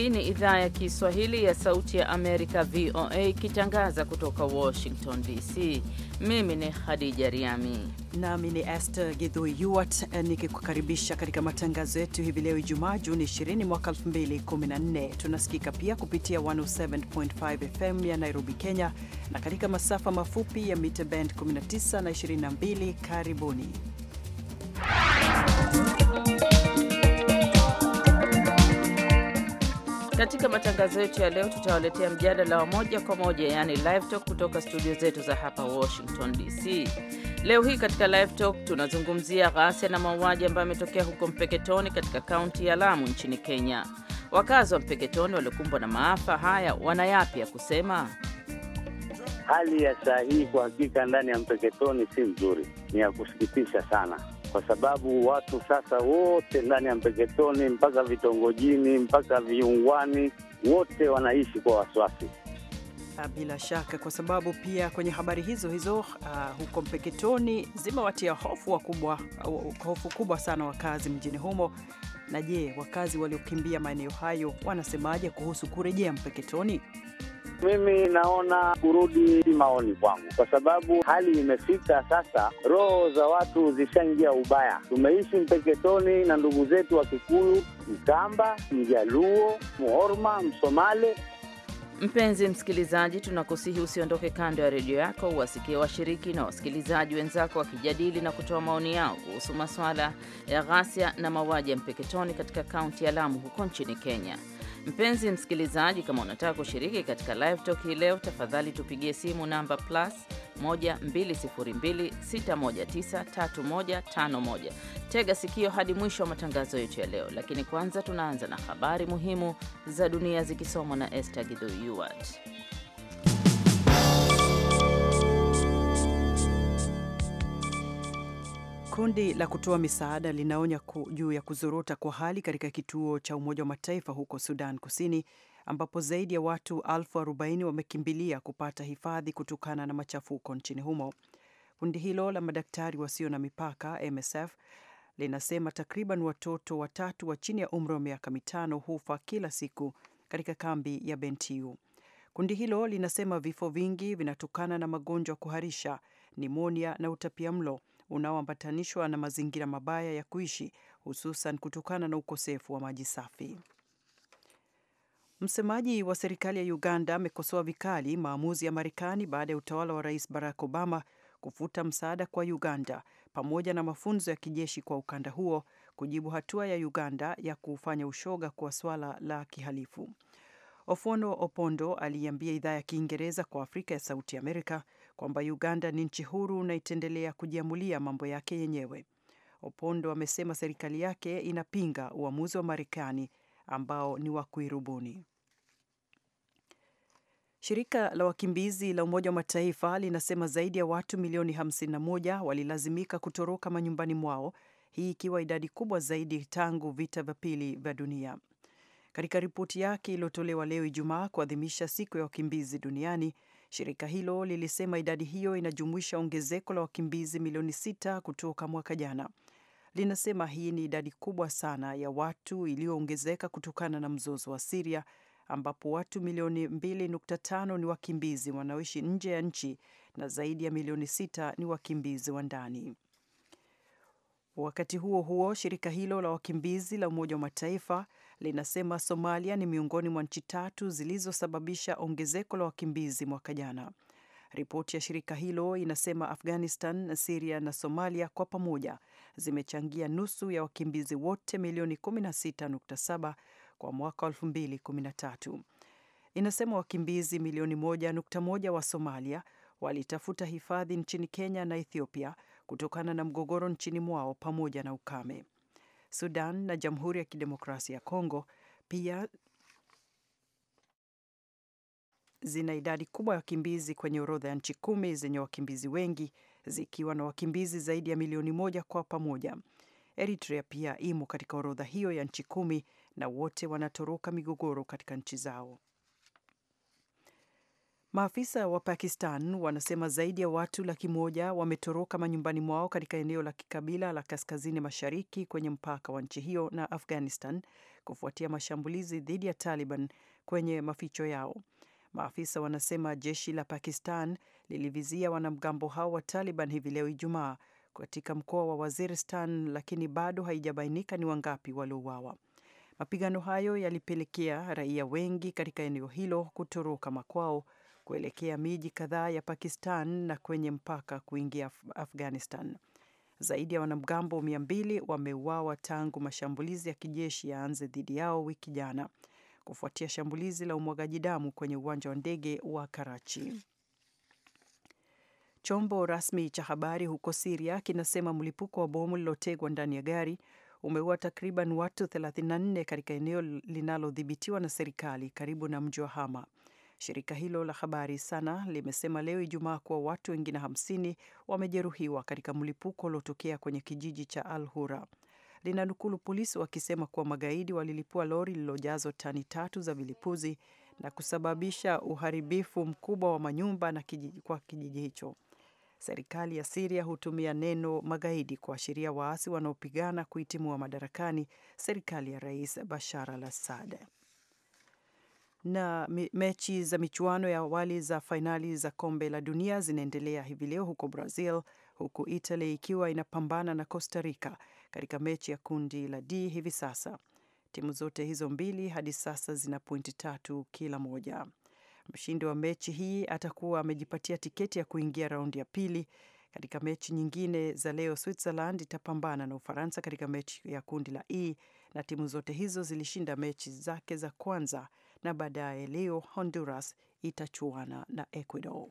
Hii ni idhaa ya Kiswahili ya Sauti ya Amerika, VOA, ikitangaza kutoka Washington DC. Mimi ni hadija Riami nami ni Esther Gidhuiwat eh, nikikukaribisha katika matangazo yetu hivi leo Ijumaa, Juni 20 mwaka 2014. Tunasikika pia kupitia 107.5 FM ya Nairobi, Kenya, na katika masafa mafupi ya mita band 19 na 22. Karibuni Katika matangazo yetu ya leo, tutawaletea mjadala wa moja kwa moja, yaani live talk kutoka studio zetu za hapa Washington DC. Leo hii katika live talk tunazungumzia ghasia na mauaji ambayo yametokea huko Mpeketoni katika kaunti ya Lamu nchini Kenya. Wakazi wa Mpeketoni waliokumbwa na maafa haya wana yapi ya kusema? Hali ya saa hii kwa hakika ndani ya Mpeketoni si nzuri, ni ya kusikitisha sana kwa sababu watu sasa wote ndani ya Mpeketoni mpaka vitongojini mpaka viungwani wote wanaishi kwa wasiwasi. Ah, bila shaka kwa sababu pia kwenye habari hizo hizo uh, huko Mpeketoni zimewatia hofu wakubwa, uh, hofu kubwa sana wakazi mjini humo. Na je, wakazi waliokimbia maeneo hayo wanasemaje kuhusu kurejea Mpeketoni? Mimi naona kurudi si maoni kwangu, kwa sababu hali imefika sasa, roho za watu zishaingia ubaya. Tumeishi Mpeketoni na ndugu zetu wa Kikuyu, Mkamba, Mjaluo, Mhorma, Msomale. Mpenzi msikilizaji, tunakusihi usiondoke kando ya redio yako, uwasikie washiriki na wasikilizaji wenzako wakijadili na kutoa maoni yao kuhusu masuala ya ghasia na mauaji ya Mpeketoni katika kaunti ya Lamu huko nchini Kenya. Mpenzi msikilizaji, kama unataka kushiriki katika live talk hii leo, tafadhali tupigie simu namba plus 12026193151. Tega sikio hadi mwisho wa matangazo yetu ya leo, lakini kwanza tunaanza na habari muhimu za dunia zikisomwa na Esther Gidho Kundi la kutoa misaada linaonya juu ya kuzorota kwa hali katika kituo cha Umoja wa Mataifa huko Sudan Kusini, ambapo zaidi ya watu elfu arobaini wamekimbilia kupata hifadhi kutokana na machafuko nchini humo. Kundi hilo la madaktari wasio na mipaka MSF linasema takriban watoto watatu wa chini ya umri wa miaka mitano hufa kila siku katika kambi ya Bentiu. Kundi hilo linasema vifo vingi vinatokana na magonjwa kuharisha, nimonia na utapia mlo unaoambatanishwa na mazingira mabaya ya kuishi, hususan kutokana na ukosefu wa maji safi. Msemaji wa serikali ya Uganda amekosoa vikali maamuzi ya Marekani baada ya utawala wa Rais Barack Obama kufuta msaada kwa Uganda pamoja na mafunzo ya kijeshi kwa ukanda huo kujibu hatua ya Uganda ya kufanya ushoga kwa swala la kihalifu. Ofono Opondo aliiambia idhaa ya Kiingereza kwa Afrika ya Sauti Amerika kwamba Uganda ni nchi huru na itaendelea kujiamulia mambo yake yenyewe. Opondo amesema serikali yake inapinga uamuzi wa Marekani ambao ni wa kuirubuni. Shirika la wakimbizi la Umoja wa Mataifa linasema zaidi ya watu milioni 51 walilazimika kutoroka manyumbani mwao, hii ikiwa idadi kubwa zaidi tangu vita vya pili vya dunia. Katika ripoti yake iliyotolewa leo Ijumaa kuadhimisha siku ya wakimbizi duniani, Shirika hilo lilisema idadi hiyo inajumuisha ongezeko la wakimbizi milioni sita kutoka mwaka jana. Linasema hii ni idadi kubwa sana ya watu iliyoongezeka kutokana na mzozo wa Siria ambapo watu milioni 2.5 ni wakimbizi wanaoishi nje ya nchi na zaidi ya milioni sita ni wakimbizi wa ndani. Wakati huo huo, shirika hilo la wakimbizi la Umoja wa Mataifa linasema Somalia ni miongoni mwa nchi tatu zilizosababisha ongezeko la wakimbizi mwaka jana. Ripoti ya shirika hilo inasema Afghanistan, Siria na Somalia kwa pamoja zimechangia nusu ya wakimbizi wote milioni 16.7 kwa mwaka 2013. Inasema wakimbizi milioni 1.1 wa Somalia walitafuta hifadhi nchini Kenya na Ethiopia kutokana na mgogoro nchini mwao pamoja na ukame. Sudan na Jamhuri ya Kidemokrasia ya Kongo pia zina idadi kubwa ya wakimbizi kwenye orodha ya nchi kumi zenye wakimbizi wengi zikiwa na wakimbizi zaidi ya milioni moja kwa pamoja. Eritrea pia imo katika orodha hiyo ya nchi kumi na wote wanatoroka migogoro katika nchi zao. Maafisa wa Pakistan wanasema zaidi ya watu laki moja wametoroka manyumbani mwao katika eneo la kikabila la kaskazini mashariki kwenye mpaka wa nchi hiyo na Afghanistan kufuatia mashambulizi dhidi ya Taliban kwenye maficho yao. Maafisa wanasema jeshi la Pakistan lilivizia wanamgambo hao wa Taliban hivi leo Ijumaa katika mkoa wa Waziristan, lakini bado haijabainika ni wangapi waliouawa. Mapigano hayo yalipelekea raia wengi katika eneo hilo kutoroka makwao kuelekea miji kadhaa ya Pakistan na kwenye mpaka kuingia Af Afghanistan. Zaidi ya wanamgambo 200 wameuawa tangu mashambulizi ya kijeshi yaanze dhidi yao wiki jana kufuatia shambulizi la umwagaji damu kwenye uwanja wa ndege wa Karachi. Chombo rasmi cha habari huko Siria kinasema mlipuko wa bomu lilotegwa ndani ya gari umeua takriban watu 34 katika eneo linalodhibitiwa na serikali karibu na mji wa Hama. Shirika hilo la habari SANA limesema leo Ijumaa kuwa watu wengine 50 wamejeruhiwa katika mlipuko uliotokea kwenye kijiji cha Al Hura. Linanukulu polisi wakisema kuwa magaidi walilipua lori lililojazwa tani tatu za vilipuzi na kusababisha uharibifu mkubwa wa manyumba na kijiji, kwa kijiji hicho. Serikali ya Siria hutumia neno magaidi kuashiria waasi wanaopigana kuitimua madarakani serikali ya Rais Bashar al-Assad na mechi za michuano ya awali za fainali za kombe la dunia zinaendelea hivi leo huko Brazil, huku Italy ikiwa inapambana na Costa Rica katika mechi ya kundi la D hivi sasa. Timu zote hizo mbili hadi sasa zina pointi tatu kila moja. Mshindi wa mechi hii atakuwa amejipatia tiketi ya kuingia raundi ya pili. Katika mechi nyingine za leo, Switzerland itapambana na Ufaransa katika mechi ya kundi la E, na timu zote hizo zilishinda mechi zake za kwanza na baadaye leo Honduras itachuana na Ecuador.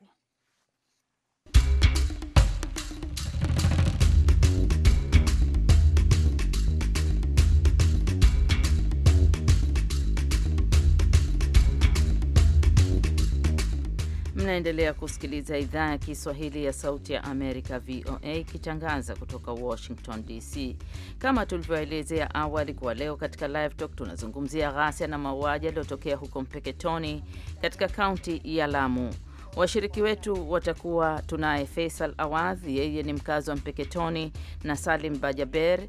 Mnaendelea kusikiliza idhaa ya Kiswahili ya Sauti ya Amerika, VOA, ikitangaza kutoka Washington DC. Kama tulivyoelezea awali, kwa leo katika Live Talk tunazungumzia ghasia na mauaji yaliyotokea huko Mpeketoni katika kaunti ya Lamu. Washiriki wetu watakuwa tunaye Faisal awadh yeye ni mkazi wa Mpeketoni, na Salim Bajaber,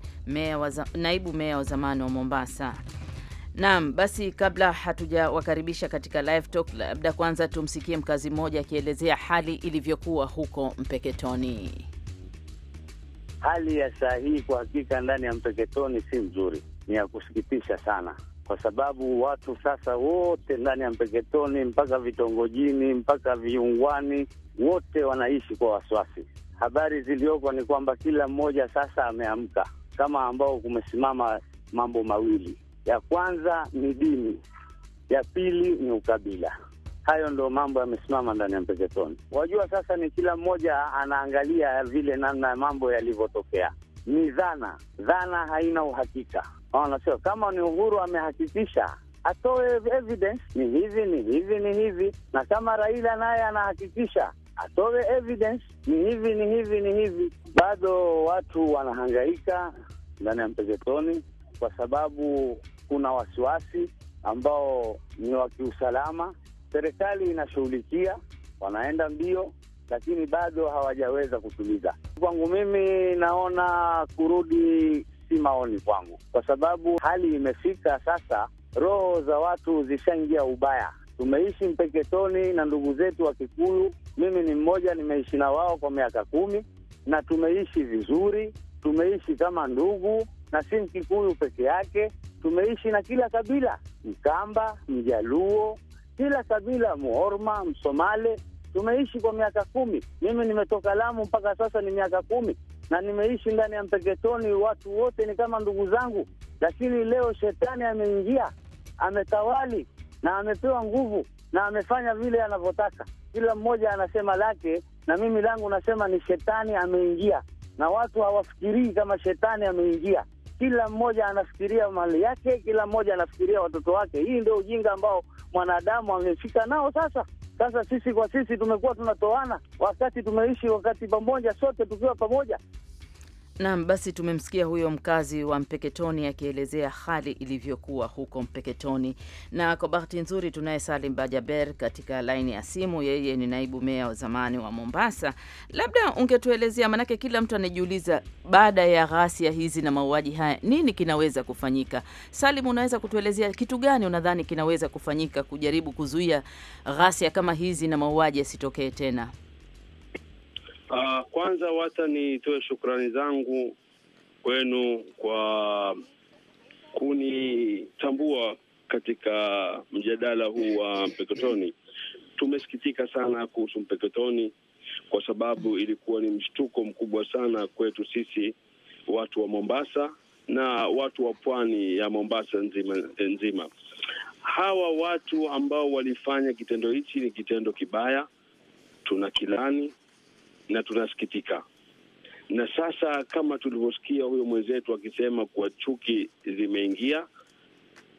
naibu meya wa zamani wa Mombasa. Naam, basi kabla hatujawakaribisha katika live talk, labda kwanza tumsikie mkazi mmoja akielezea hali ilivyokuwa huko Mpeketoni. Hali ya saa hii kwa hakika ndani ya Mpeketoni si nzuri, ni ya kusikitisha sana, kwa sababu watu sasa wote ndani ya Mpeketoni mpaka vitongojini mpaka viungwani, wote wanaishi kwa wasiwasi. Habari ziliyoko ni kwamba kila mmoja sasa ameamka, kama ambao kumesimama mambo mawili ya kwanza ni dini, ya pili ni ukabila. Hayo ndo mambo yamesimama ndani ya Mpeketoni. Wajua, sasa ni kila mmoja anaangalia vile namna mambo yalivyotokea. Ni dhana, dhana haina uhakika. Anasema kama ni Uhuru amehakikisha atoe evidence, ni hivi ni hivi ni hivi, na kama Raila naye anahakikisha atoe evidence, ni hivi ni hivi ni hivi. Bado watu wanahangaika ndani ya Mpeketoni kwa sababu kuna wasiwasi ambao ni wa kiusalama. Serikali inashughulikia, wanaenda mbio, lakini bado hawajaweza kutuliza. Kwangu mimi, naona kurudi si maoni kwangu, kwa sababu hali imefika sasa, roho za watu zishaingia ubaya. Tumeishi Mpeketoni na ndugu zetu wa Kikuyu. Mimi ni mmoja, nimeishi na wao kwa miaka kumi na tumeishi vizuri, tumeishi kama ndugu na si Mkikuyu peke yake, tumeishi na kila kabila, Mkamba, Mjaluo, kila kabila, Muorma, Msomale, tumeishi kwa miaka kumi. Mimi nimetoka Lamu mpaka sasa ni miaka kumi na nimeishi ndani ya Mpeketoni, watu wote ni kama ndugu zangu, lakini leo shetani ameingia, ametawali na amepewa nguvu na amefanya vile anavyotaka. Kila mmoja anasema lake, na mimi langu nasema ni shetani ameingia, na watu hawafikirii kama shetani ameingia. Kila mmoja anafikiria mali yake, kila mmoja anafikiria watoto wake. Hii ndio ujinga ambao mwanadamu amefika nao sasa. Sasa sisi kwa sisi tumekuwa tunatoana, wakati tumeishi wakati pamoja, sote tukiwa pamoja. Naam, basi tumemsikia huyo mkazi wa Mpeketoni akielezea hali ilivyokuwa huko Mpeketoni. Na kwa bahati nzuri tunaye Salim Bajaber katika laini ya simu, yeye ni naibu meya wa zamani wa Mombasa. Labda ungetuelezea, maanake kila mtu anajiuliza baada ya ghasia hizi na mauaji haya nini kinaweza kufanyika. Salim, unaweza kutuelezea kitu gani unadhani kinaweza kufanyika kujaribu kuzuia ghasia kama hizi na mauaji yasitokee tena? Uh, kwanza wata nitoe shukrani zangu kwenu kwa kunitambua katika mjadala huu wa Mpeketoni. Tumesikitika sana kuhusu Mpeketoni kwa sababu ilikuwa ni mshtuko mkubwa sana kwetu sisi watu wa Mombasa na watu wa pwani ya Mombasa nzima nzima. Hawa watu ambao walifanya kitendo hichi ni kitendo kibaya, tuna kilani na tunasikitika. Na sasa kama tulivyosikia huyo mwenzetu akisema kuwa chuki zimeingia,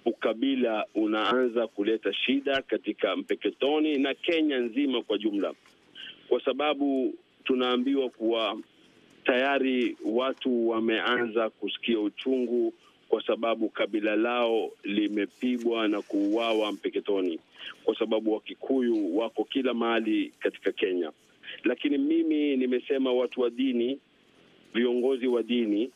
ukabila unaanza kuleta shida katika Mpeketoni na Kenya nzima kwa jumla, kwa sababu tunaambiwa kuwa tayari watu wameanza kusikia uchungu kwa sababu kabila lao limepigwa na kuuawa Mpeketoni, kwa sababu Wakikuyu wako kila mahali katika Kenya. Lakini mimi nimesema watu wa dini, viongozi wa dini,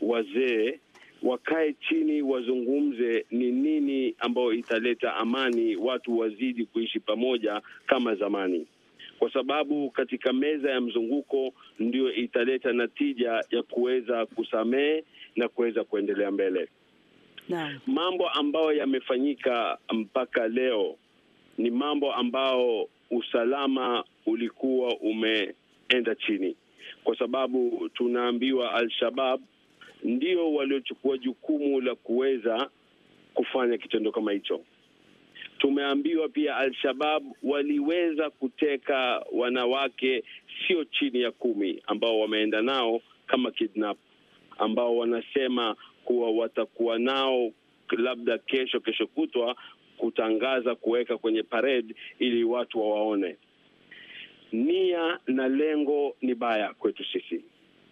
wazee wakae chini wazungumze ni nini ambayo italeta amani, watu wazidi kuishi pamoja kama zamani, kwa sababu katika meza ya mzunguko ndiyo italeta natija ya kuweza kusamehe na kuweza kuendelea mbele na. Mambo ambayo yamefanyika mpaka leo ni mambo ambayo usalama ulikuwa umeenda chini, kwa sababu tunaambiwa Al-Shabab ndio waliochukua jukumu la kuweza kufanya kitendo kama hicho. Tumeambiwa pia Al-Shabab waliweza kuteka wanawake sio chini ya kumi ambao wameenda nao kama kidnap, ambao wanasema kuwa watakuwa nao labda kesho kesho kutwa kutangaza, kuweka kwenye parade ili watu wawaone. Nia na lengo ni baya kwetu sisi,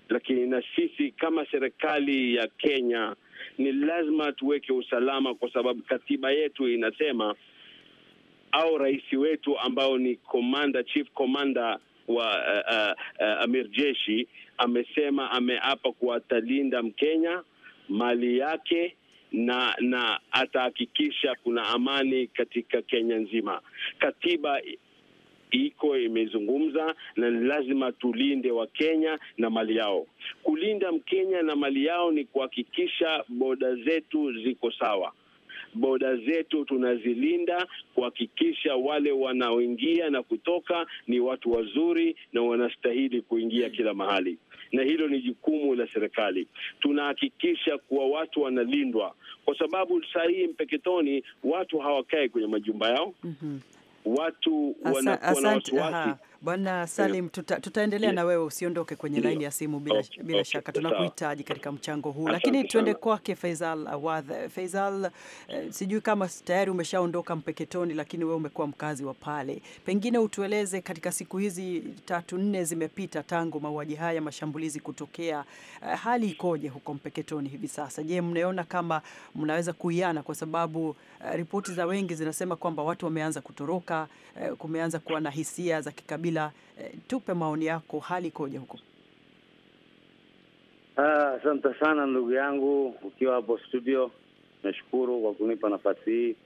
lakini na sisi kama serikali ya Kenya ni lazima tuweke usalama, kwa sababu katiba yetu inasema au rais wetu ambao ni commander, chief commander wa uh, uh, uh, amir jeshi amesema, ameapa kuwatalinda Mkenya, mali yake na na atahakikisha kuna amani katika Kenya nzima. Katiba iko imezungumza, na ni lazima tulinde Wakenya na mali yao. Kulinda Mkenya na mali yao ni kuhakikisha boda zetu ziko sawa boda zetu tunazilinda kuhakikisha wale wanaoingia na kutoka ni watu wazuri na wanastahili kuingia kila mahali na hilo ni jukumu la serikali. Tunahakikisha kuwa watu wanalindwa, kwa sababu saa hii Mpeketoni watu hawakae kwenye majumba yao. mm -hmm. Watu wanakuwa na wasiwasi Bwana Salim, tuta, tutaendelea yeah. na wewe usiondoke kwenye laini ya simu bila, okay. bila shaka tunakuhitaji katika mchango huu, lakini tuende kwake Faisal Awadh. Faisal, eh, sijui kama tayari umeshaondoka Mpeketoni, lakini wewe umekuwa mkazi wa pale, pengine utueleze katika siku hizi tatu nne zimepita tangu mauaji haya mashambulizi kutokea, eh, hali ikoje huko Mpeketoni hivi sasa? Je, mnaona kama mnaweza kuiana kwa sababu eh, ripoti za wengi zinasema kwamba watu wameanza kutoroka, eh, kumeanza kuwa na hisia za kikabila Chalamila, eh, tupe maoni yako, hali ikoje huko? Ah, asante ah, sana ndugu yangu, ukiwa hapo studio. Nashukuru kwa kunipa nafasi hii.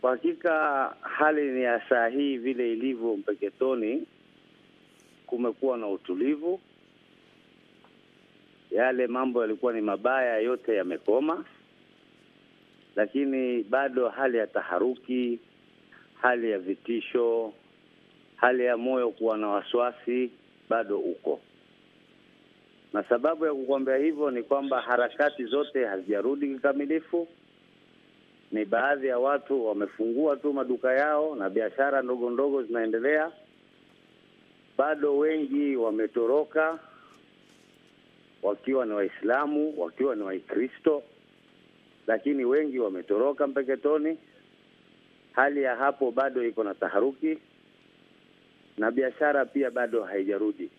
Kwa hakika hali ni ya saa hii vile ilivyo Mpeketoni, kumekuwa na utulivu. Yale mambo yalikuwa ni mabaya yote yamekoma, lakini bado hali ya taharuki, hali ya vitisho, hali ya moyo kuwa na wasiwasi bado uko, na sababu ya kukwambia hivyo ni kwamba harakati zote hazijarudi kikamilifu. Ni baadhi ya watu wamefungua tu maduka yao na biashara ndogo ndogo zinaendelea, bado wengi wametoroka, wakiwa ni Waislamu, wakiwa ni Wakristo, lakini wengi wametoroka Mpeketoni. Hali ya hapo bado iko na taharuki na biashara pia bado haijarudi.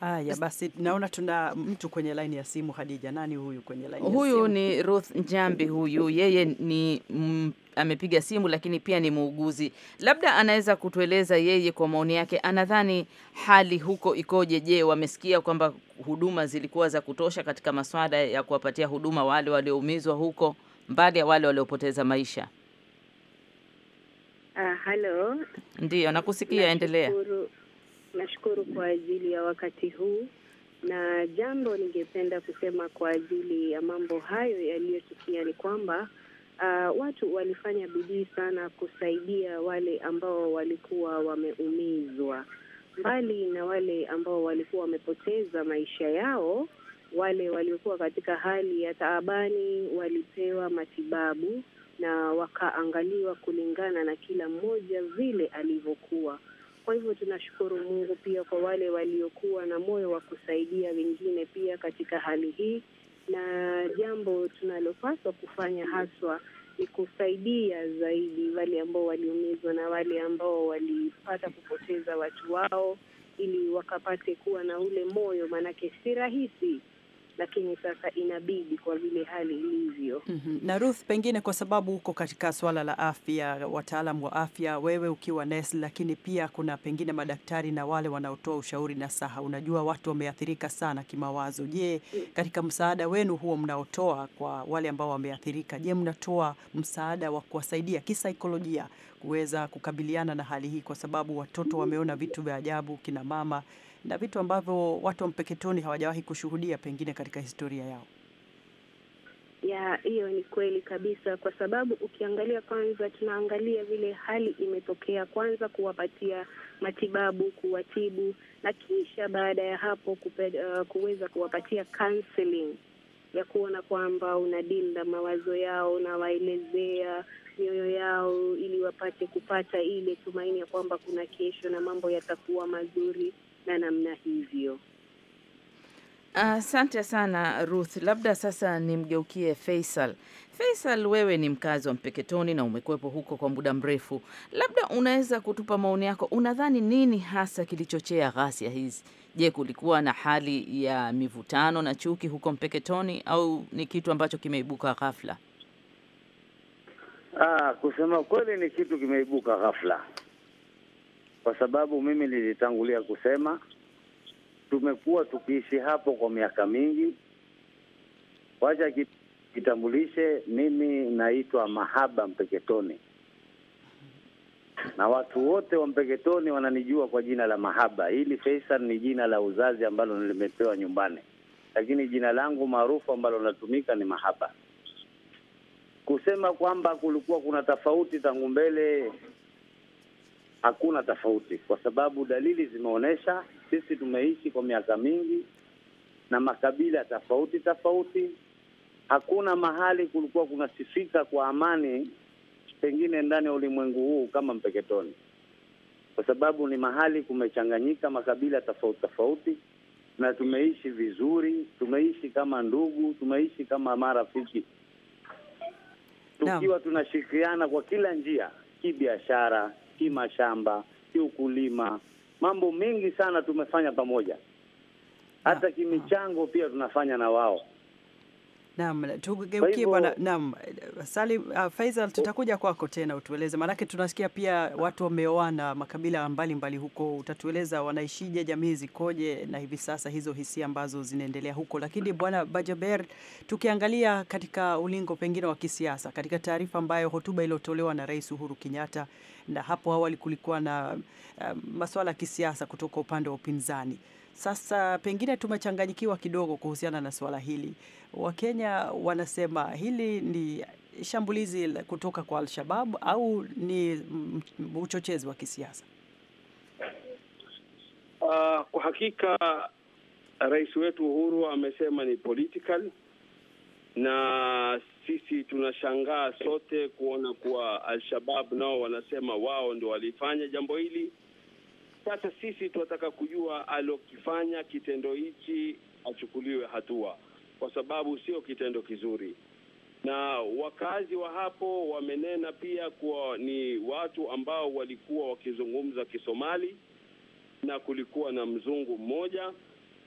Haya basi, naona tuna mtu kwenye laini ya simu. Hadija, nani huyu kwenye laini ya simu? Huyu ni Ruth Njambi, huyu yeye ni mm, amepiga simu lakini pia ni muuguzi. Labda anaweza kutueleza yeye kwa maoni yake anadhani hali huko ikoje? Je, wamesikia kwamba huduma zilikuwa za kutosha katika maswada ya kuwapatia huduma wale walioumizwa huko, mbali ya wale waliopoteza maisha? Uh, ah, halo. Ndiyo, nakusikia, endelea. Nashukuru kwa ajili ya wakati huu na jambo ningependa kusema kwa ajili ya mambo hayo yaliyotukia ni kwamba uh, watu walifanya bidii sana kusaidia wale ambao walikuwa wameumizwa, mbali na wale ambao walikuwa wamepoteza maisha yao. Wale waliokuwa katika hali ya taabani walipewa matibabu na wakaangaliwa kulingana na kila mmoja vile alivyokuwa. Kwa hivyo tunashukuru Mungu pia kwa wale waliokuwa na moyo wa kusaidia wengine pia katika hali hii, na jambo tunalopaswa kufanya haswa ni kusaidia zaidi wale ambao waliumizwa na wale ambao walipata kupoteza watu wao, ili wakapate kuwa na ule moyo, maanake si rahisi lakini sasa inabidi kwa vile hali ilivyo. mm -hmm. Na Ruth, pengine kwa sababu huko katika swala la afya, wataalam wa afya, wewe ukiwa nesi, lakini pia kuna pengine madaktari na wale wanaotoa ushauri na saha, unajua watu wameathirika sana kimawazo. Je, mm -hmm. katika msaada wenu huo mnaotoa kwa wale ambao wameathirika, je, mnatoa msaada wa kuwasaidia kisaikolojia kuweza kukabiliana na hali hii, kwa sababu watoto wameona vitu vya ajabu, kina mama na vitu ambavyo watu wa Mpeketoni hawajawahi kushuhudia pengine katika historia yao. Ya, hiyo ni kweli kabisa, kwa sababu ukiangalia kwanza, tunaangalia vile hali imetokea, kwanza kuwapatia matibabu, kuwatibu na kisha baada ya hapo kupe, uh, kuweza kuwapatia counseling ya kuona kwamba una na mawazo yao, unawaelezea mioyo yao ili wapate kupata ile tumaini ya kwamba kuna kesho na mambo yatakuwa mazuri za namna hivyo. Asante uh, sana Ruth. Labda sasa nimgeukie Faisal. Faisal, wewe ni mkazi wa Mpeketoni na umekuwepo huko kwa muda mrefu, labda unaweza kutupa maoni yako. Unadhani nini hasa kilichochea ghasia hizi? Je, kulikuwa na hali ya mivutano na chuki huko Mpeketoni au ni kitu ambacho kimeibuka ghafla? Ah, kusema kweli ni kitu kimeibuka ghafla kwa sababu mimi nilitangulia kusema tumekuwa tukiishi hapo kwa miaka mingi. Wacha kitambulishe, mimi naitwa Mahaba Mpeketoni na watu wote wa Mpeketoni wananijua kwa jina la Mahaba. Hili Faisal ni jina la uzazi ambalo nilimepewa nyumbani, lakini jina langu maarufu ambalo natumika ni Mahaba. Kusema kwamba kulikuwa kuna tofauti tangu mbele hakuna tofauti, kwa sababu dalili zimeonyesha sisi tumeishi kwa miaka mingi na makabila tofauti tofauti. Hakuna mahali kulikuwa kunasifika kwa amani pengine ndani ya ulimwengu huu kama Mpeketoni, kwa sababu ni mahali kumechanganyika makabila tofauti tofauti, na tumeishi vizuri, tumeishi kama ndugu, tumeishi kama marafiki tukiwa tunashirikiana kwa kila njia, kibiashara, kulima shamba, kiukulima, mambo mengi sana tumefanya pamoja, hata ah, ah. kimichango pia tunafanya na wao. Naam, tugeukie bwana. Naam, Salim, uh, ah, Faisal tutakuja kwako tena utueleze, maanake tunasikia pia watu wameoana makabila mbalimbali mbali huko. Utatueleza wanaishije, jamii zikoje, na hivi sasa hizo hisia ambazo zinaendelea huko. Lakini bwana Bajaber, tukiangalia katika ulingo pengine wa kisiasa, katika taarifa ambayo hotuba iliyotolewa na Rais Uhuru Kenyatta, na hapo awali kulikuwa na uh, ah, masuala ya kisiasa kutoka upande wa upinzani sasa pengine tumechanganyikiwa kidogo kuhusiana na suala hili. Wakenya wanasema hili ni shambulizi kutoka kwa Al-Shabab au ni uchochezi wa kisiasa? Uh, kwa hakika rais wetu Uhuru amesema ni political, na sisi tunashangaa sote kuona kuwa Al-Shabab nao wanasema wao ndio walifanya jambo hili sasa sisi tunataka kujua alokifanya kitendo hichi achukuliwe hatua, kwa sababu sio kitendo kizuri. Na wakazi wa hapo wamenena pia kuwa ni watu ambao walikuwa wakizungumza Kisomali na kulikuwa na mzungu mmoja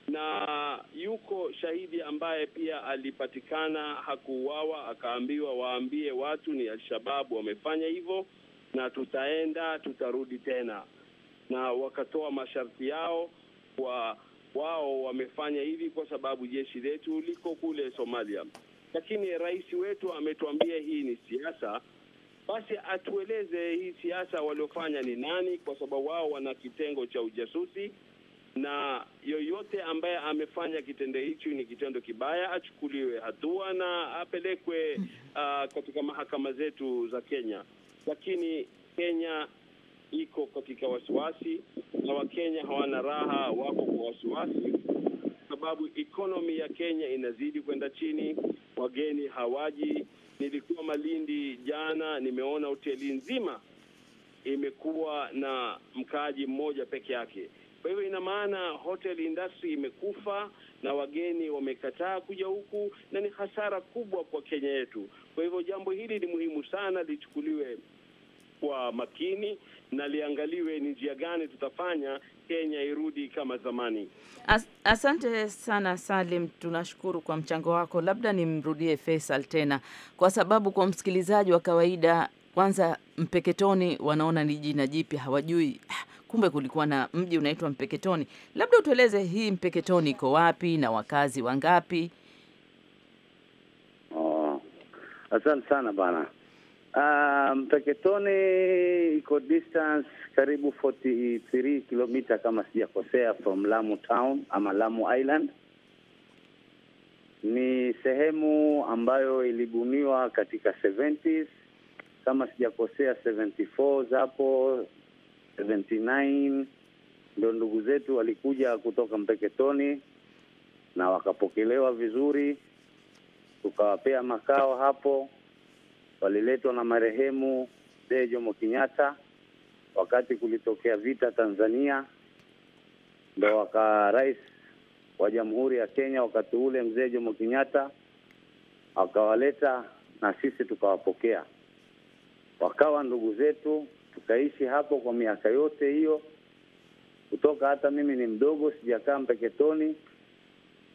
na yuko shahidi ambaye pia alipatikana, hakuuawa, akaambiwa waambie watu ni Alshababu wamefanya hivyo, na tutaenda tutarudi tena na wakatoa masharti yao kwa wao wamefanya hivi kwa sababu jeshi letu liko kule Somalia, lakini rais wetu ametuambia hii ni siasa. Basi atueleze hii siasa waliofanya ni nani, kwa sababu wao wana kitengo cha ujasusi, na yoyote ambaye amefanya kitendo hicho ni kitendo kibaya, achukuliwe hatua na apelekwe mm-hmm. uh, katika mahakama zetu za Kenya. Lakini Kenya iko katika wasiwasi na Wakenya hawana raha, wako kwa wasiwasi sababu ekonomi ya Kenya inazidi kwenda chini, wageni hawaji. Nilikuwa Malindi jana, nimeona hoteli nzima imekuwa na mkaaji mmoja peke yake. Kwa hivyo ina maana hotel industry imekufa na wageni wamekataa kuja huku, na ni hasara kubwa kwa Kenya yetu. Kwa hivyo jambo hili ni muhimu sana lichukuliwe kwa makini na liangaliwe ni njia gani tutafanya Kenya irudi kama zamani. As, asante sana Salim, tunashukuru kwa mchango wako. Labda nimrudie Faisal tena, kwa sababu kwa msikilizaji wa kawaida, kwanza Mpeketoni wanaona ni jina jipya, hawajui kumbe kulikuwa na mji unaitwa Mpeketoni. Labda utueleze hii Mpeketoni iko wapi na wakazi wangapi? Oh, asante sana bana. Mpeketoni um, iko distance karibu 43 kilomita kama sijakosea, from Lamu town ama Lamu Island. Ni sehemu ambayo ilibuniwa katika 70s kama sijakosea, 74 zapo 79 ndio ndugu zetu walikuja kutoka Mpeketoni na wakapokelewa vizuri, tukawapea makao hapo waliletwa na marehemu Mzee Jomo Kenyatta wakati kulitokea vita Tanzania, ndo waka rais wa Jamhuri ya Kenya wakati ule Mzee Jomo Kenyatta akawaleta na sisi tukawapokea, wakawa ndugu zetu, tukaishi hapo kwa miaka yote hiyo, kutoka hata mimi ni mdogo sijakaa Mpeketoni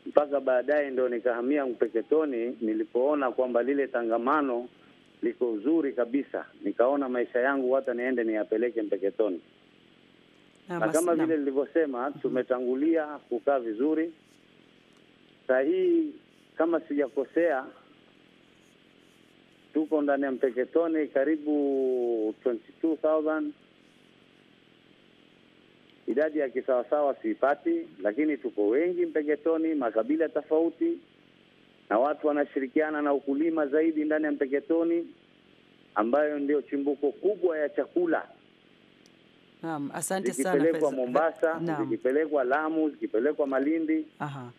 mpaka baadaye ndo nikahamia Mpeketoni nilipoona kwamba lile tangamano liko zuri kabisa, nikaona maisha yangu hata niende niyapeleke Mpeketoni na kama vile nilivyosema, mhm. tumetangulia kukaa vizuri. Saa hii kama sijakosea, tuko ndani ya Mpeketoni karibu 22,000 idadi ya kisawasawa siipati, lakini tuko wengi Mpeketoni, makabila tofauti na watu wanashirikiana na ukulima zaidi ndani ya Mpeketoni ambayo ndio chimbuko kubwa ya chakula. Naam, asante sana. Zikipelekwa Mombasa, zikipelekwa Lamu, zikipelekwa Malindi. Aha.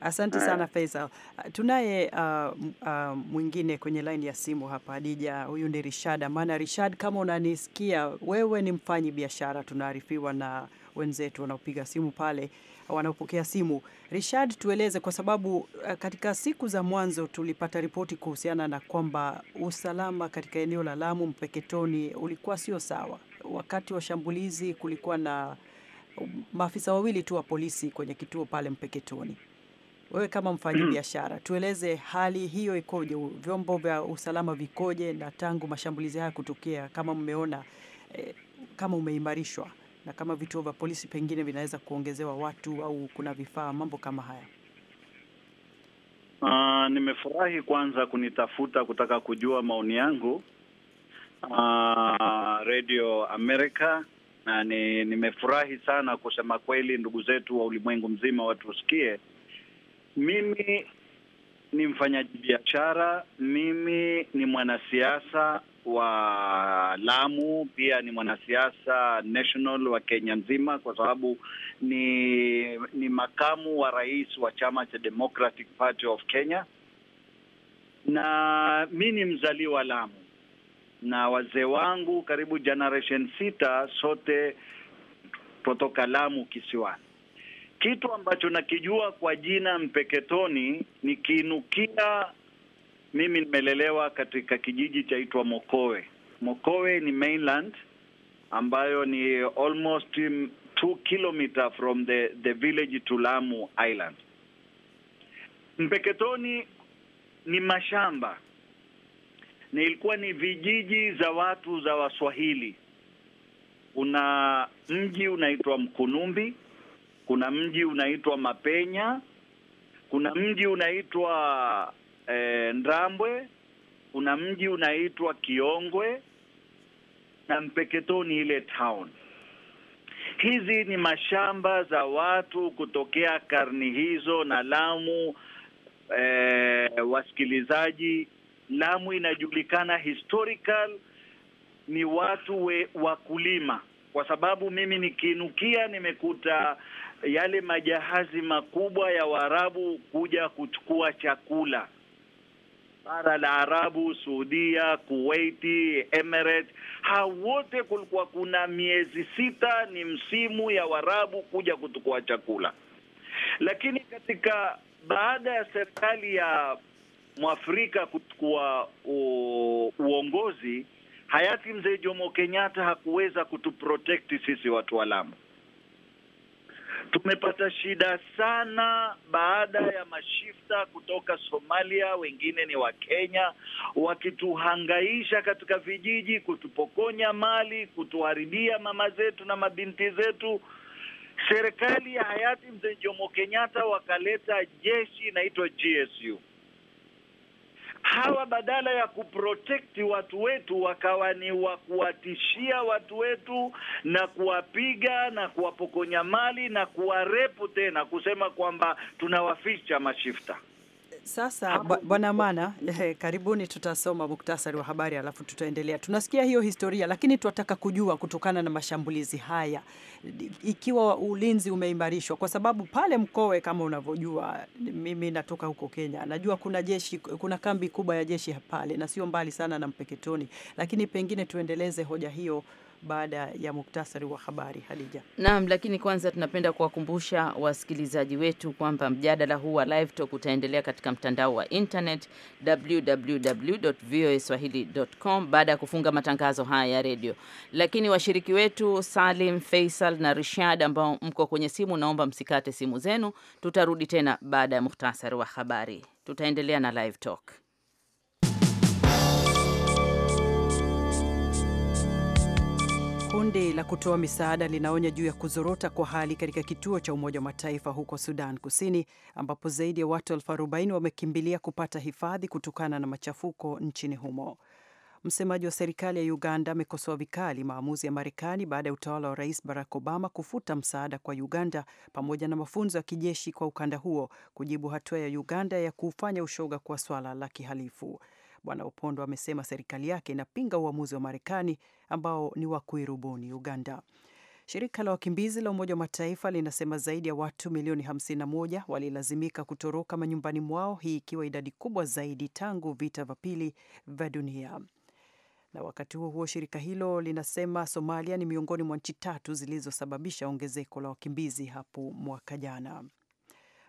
Asante sana Faisal. Tunaye uh, uh, mwingine kwenye laini ya simu hapa adija Huyu ni Rishad. Maana Rishad, kama unanisikia wewe, ni mfanyi biashara, tunaarifiwa na wenzetu wanaopiga simu pale wanaopokea simu. Richard, tueleze kwa sababu eh, katika siku za mwanzo tulipata ripoti kuhusiana na kwamba usalama katika eneo la Lamu Mpeketoni ulikuwa sio sawa. Wakati wa shambulizi kulikuwa na um, maafisa wawili tu wa polisi kwenye kituo pale Mpeketoni. Wewe kama mfanyi biashara tueleze hali hiyo ikoje, vyombo vya usalama vikoje, na tangu mashambulizi haya kutokea, kama mmeona eh, kama umeimarishwa na kama vituo vya polisi pengine vinaweza kuongezewa watu au kuna vifaa, mambo kama haya? Uh, nimefurahi kwanza kunitafuta kutaka kujua maoni yangu uh, Radio America na ni, nimefurahi sana kusema kweli, ndugu zetu wa ulimwengu mzima watusikie. Mimi ni mfanyaji biashara, mimi ni mwanasiasa wa Lamu, pia ni mwanasiasa national wa Kenya nzima, kwa sababu ni ni makamu wa rais wa chama cha Democratic Party of Kenya, na mi ni mzaliwa Lamu na wazee wangu karibu generation sita, sote kutoka Lamu kisiwani. Kitu ambacho nakijua kwa jina Mpeketoni ni kiinukia. Mimi nimelelewa katika kijiji chaitwa Mokowe. Mokowe ni mainland ambayo ni almost two kilomita from the, the village to Lamu Island. Mpeketoni ni mashamba na ilikuwa ni vijiji za watu za Waswahili. Kuna mji unaitwa Mkunumbi kuna mji unaitwa Mapenya, kuna mji unaitwa e, Ndambwe, kuna mji unaitwa Kiongwe na Mpeketoni ile town. Hizi ni mashamba za watu kutokea karni hizo na Lamu. E, wasikilizaji, Lamu inajulikana historical ni watu we, wakulima kwa sababu mimi nikiinukia nimekuta yale majahazi makubwa ya Waarabu kuja kuchukua chakula bara la Arabu, suudia Kuwaiti, emirat hao wote kulikuwa kuna miezi sita ni msimu ya Waarabu kuja kuchukua chakula. Lakini katika baada ya serikali ya Mwafrika kuchukua uongozi, hayati mzee Jomo Kenyatta hakuweza kutuprotekti sisi watu wa Lamu. Tumepata shida sana baada ya mashifta kutoka Somalia, wengine ni Wakenya, wakituhangaisha katika vijiji, kutupokonya mali, kutuharibia mama zetu na mabinti zetu. Serikali ya hayati Mzee Jomo Kenyatta wakaleta jeshi inaitwa GSU hawa badala ya kuprotekti watu wetu wakawa ni wa kuwatishia watu wetu na kuwapiga na kuwapokonya mali na kuwarepu, tena kusema kwamba tunawaficha mashifta. Sasa bwana Mana, eh, karibuni, tutasoma muktasari wa habari alafu tutaendelea. Tunasikia hiyo historia, lakini tunataka kujua kutokana na mashambulizi haya, ikiwa ulinzi umeimarishwa, kwa sababu pale Mkowe, kama unavyojua, mimi natoka huko Kenya, najua kuna jeshi, kuna kambi kubwa ya jeshi pale na sio mbali sana na Mpeketoni, lakini pengine tuendeleze hoja hiyo baada ya muktasari wa habari Hadija. Naam, lakini kwanza tunapenda kuwakumbusha wasikilizaji wetu kwamba mjadala huu wa live talk utaendelea katika mtandao wa internet www.voaswahili.com baada ya kufunga matangazo haya ya redio. Lakini washiriki wetu Salim, Faisal na Rishad ambao mko kwenye simu, naomba msikate simu zenu. Tutarudi tena baada ya muktasari wa habari, tutaendelea na live talk. Kundi la kutoa misaada linaonya juu ya kuzorota kwa hali katika kituo cha Umoja wa Mataifa huko Sudan Kusini, ambapo zaidi ya watu elfu arobaini wamekimbilia kupata hifadhi kutokana na machafuko nchini humo. Msemaji wa serikali ya Uganda amekosoa vikali maamuzi ya Marekani baada ya utawala wa Rais Barack Obama kufuta msaada kwa Uganda pamoja na mafunzo ya kijeshi kwa ukanda huo, kujibu hatua ya Uganda ya kufanya ushoga kwa swala la kihalifu. Bwana Opondo amesema serikali yake inapinga uamuzi wa Marekani ambao ni wa kuirubuni Uganda. Shirika la wakimbizi la Umoja wa Mataifa linasema zaidi ya watu milioni 51 walilazimika kutoroka manyumbani mwao, hii ikiwa idadi kubwa zaidi tangu vita vya pili vya dunia. Na wakati huo huo, shirika hilo linasema Somalia ni miongoni mwa nchi tatu zilizosababisha ongezeko la wakimbizi hapo mwaka jana.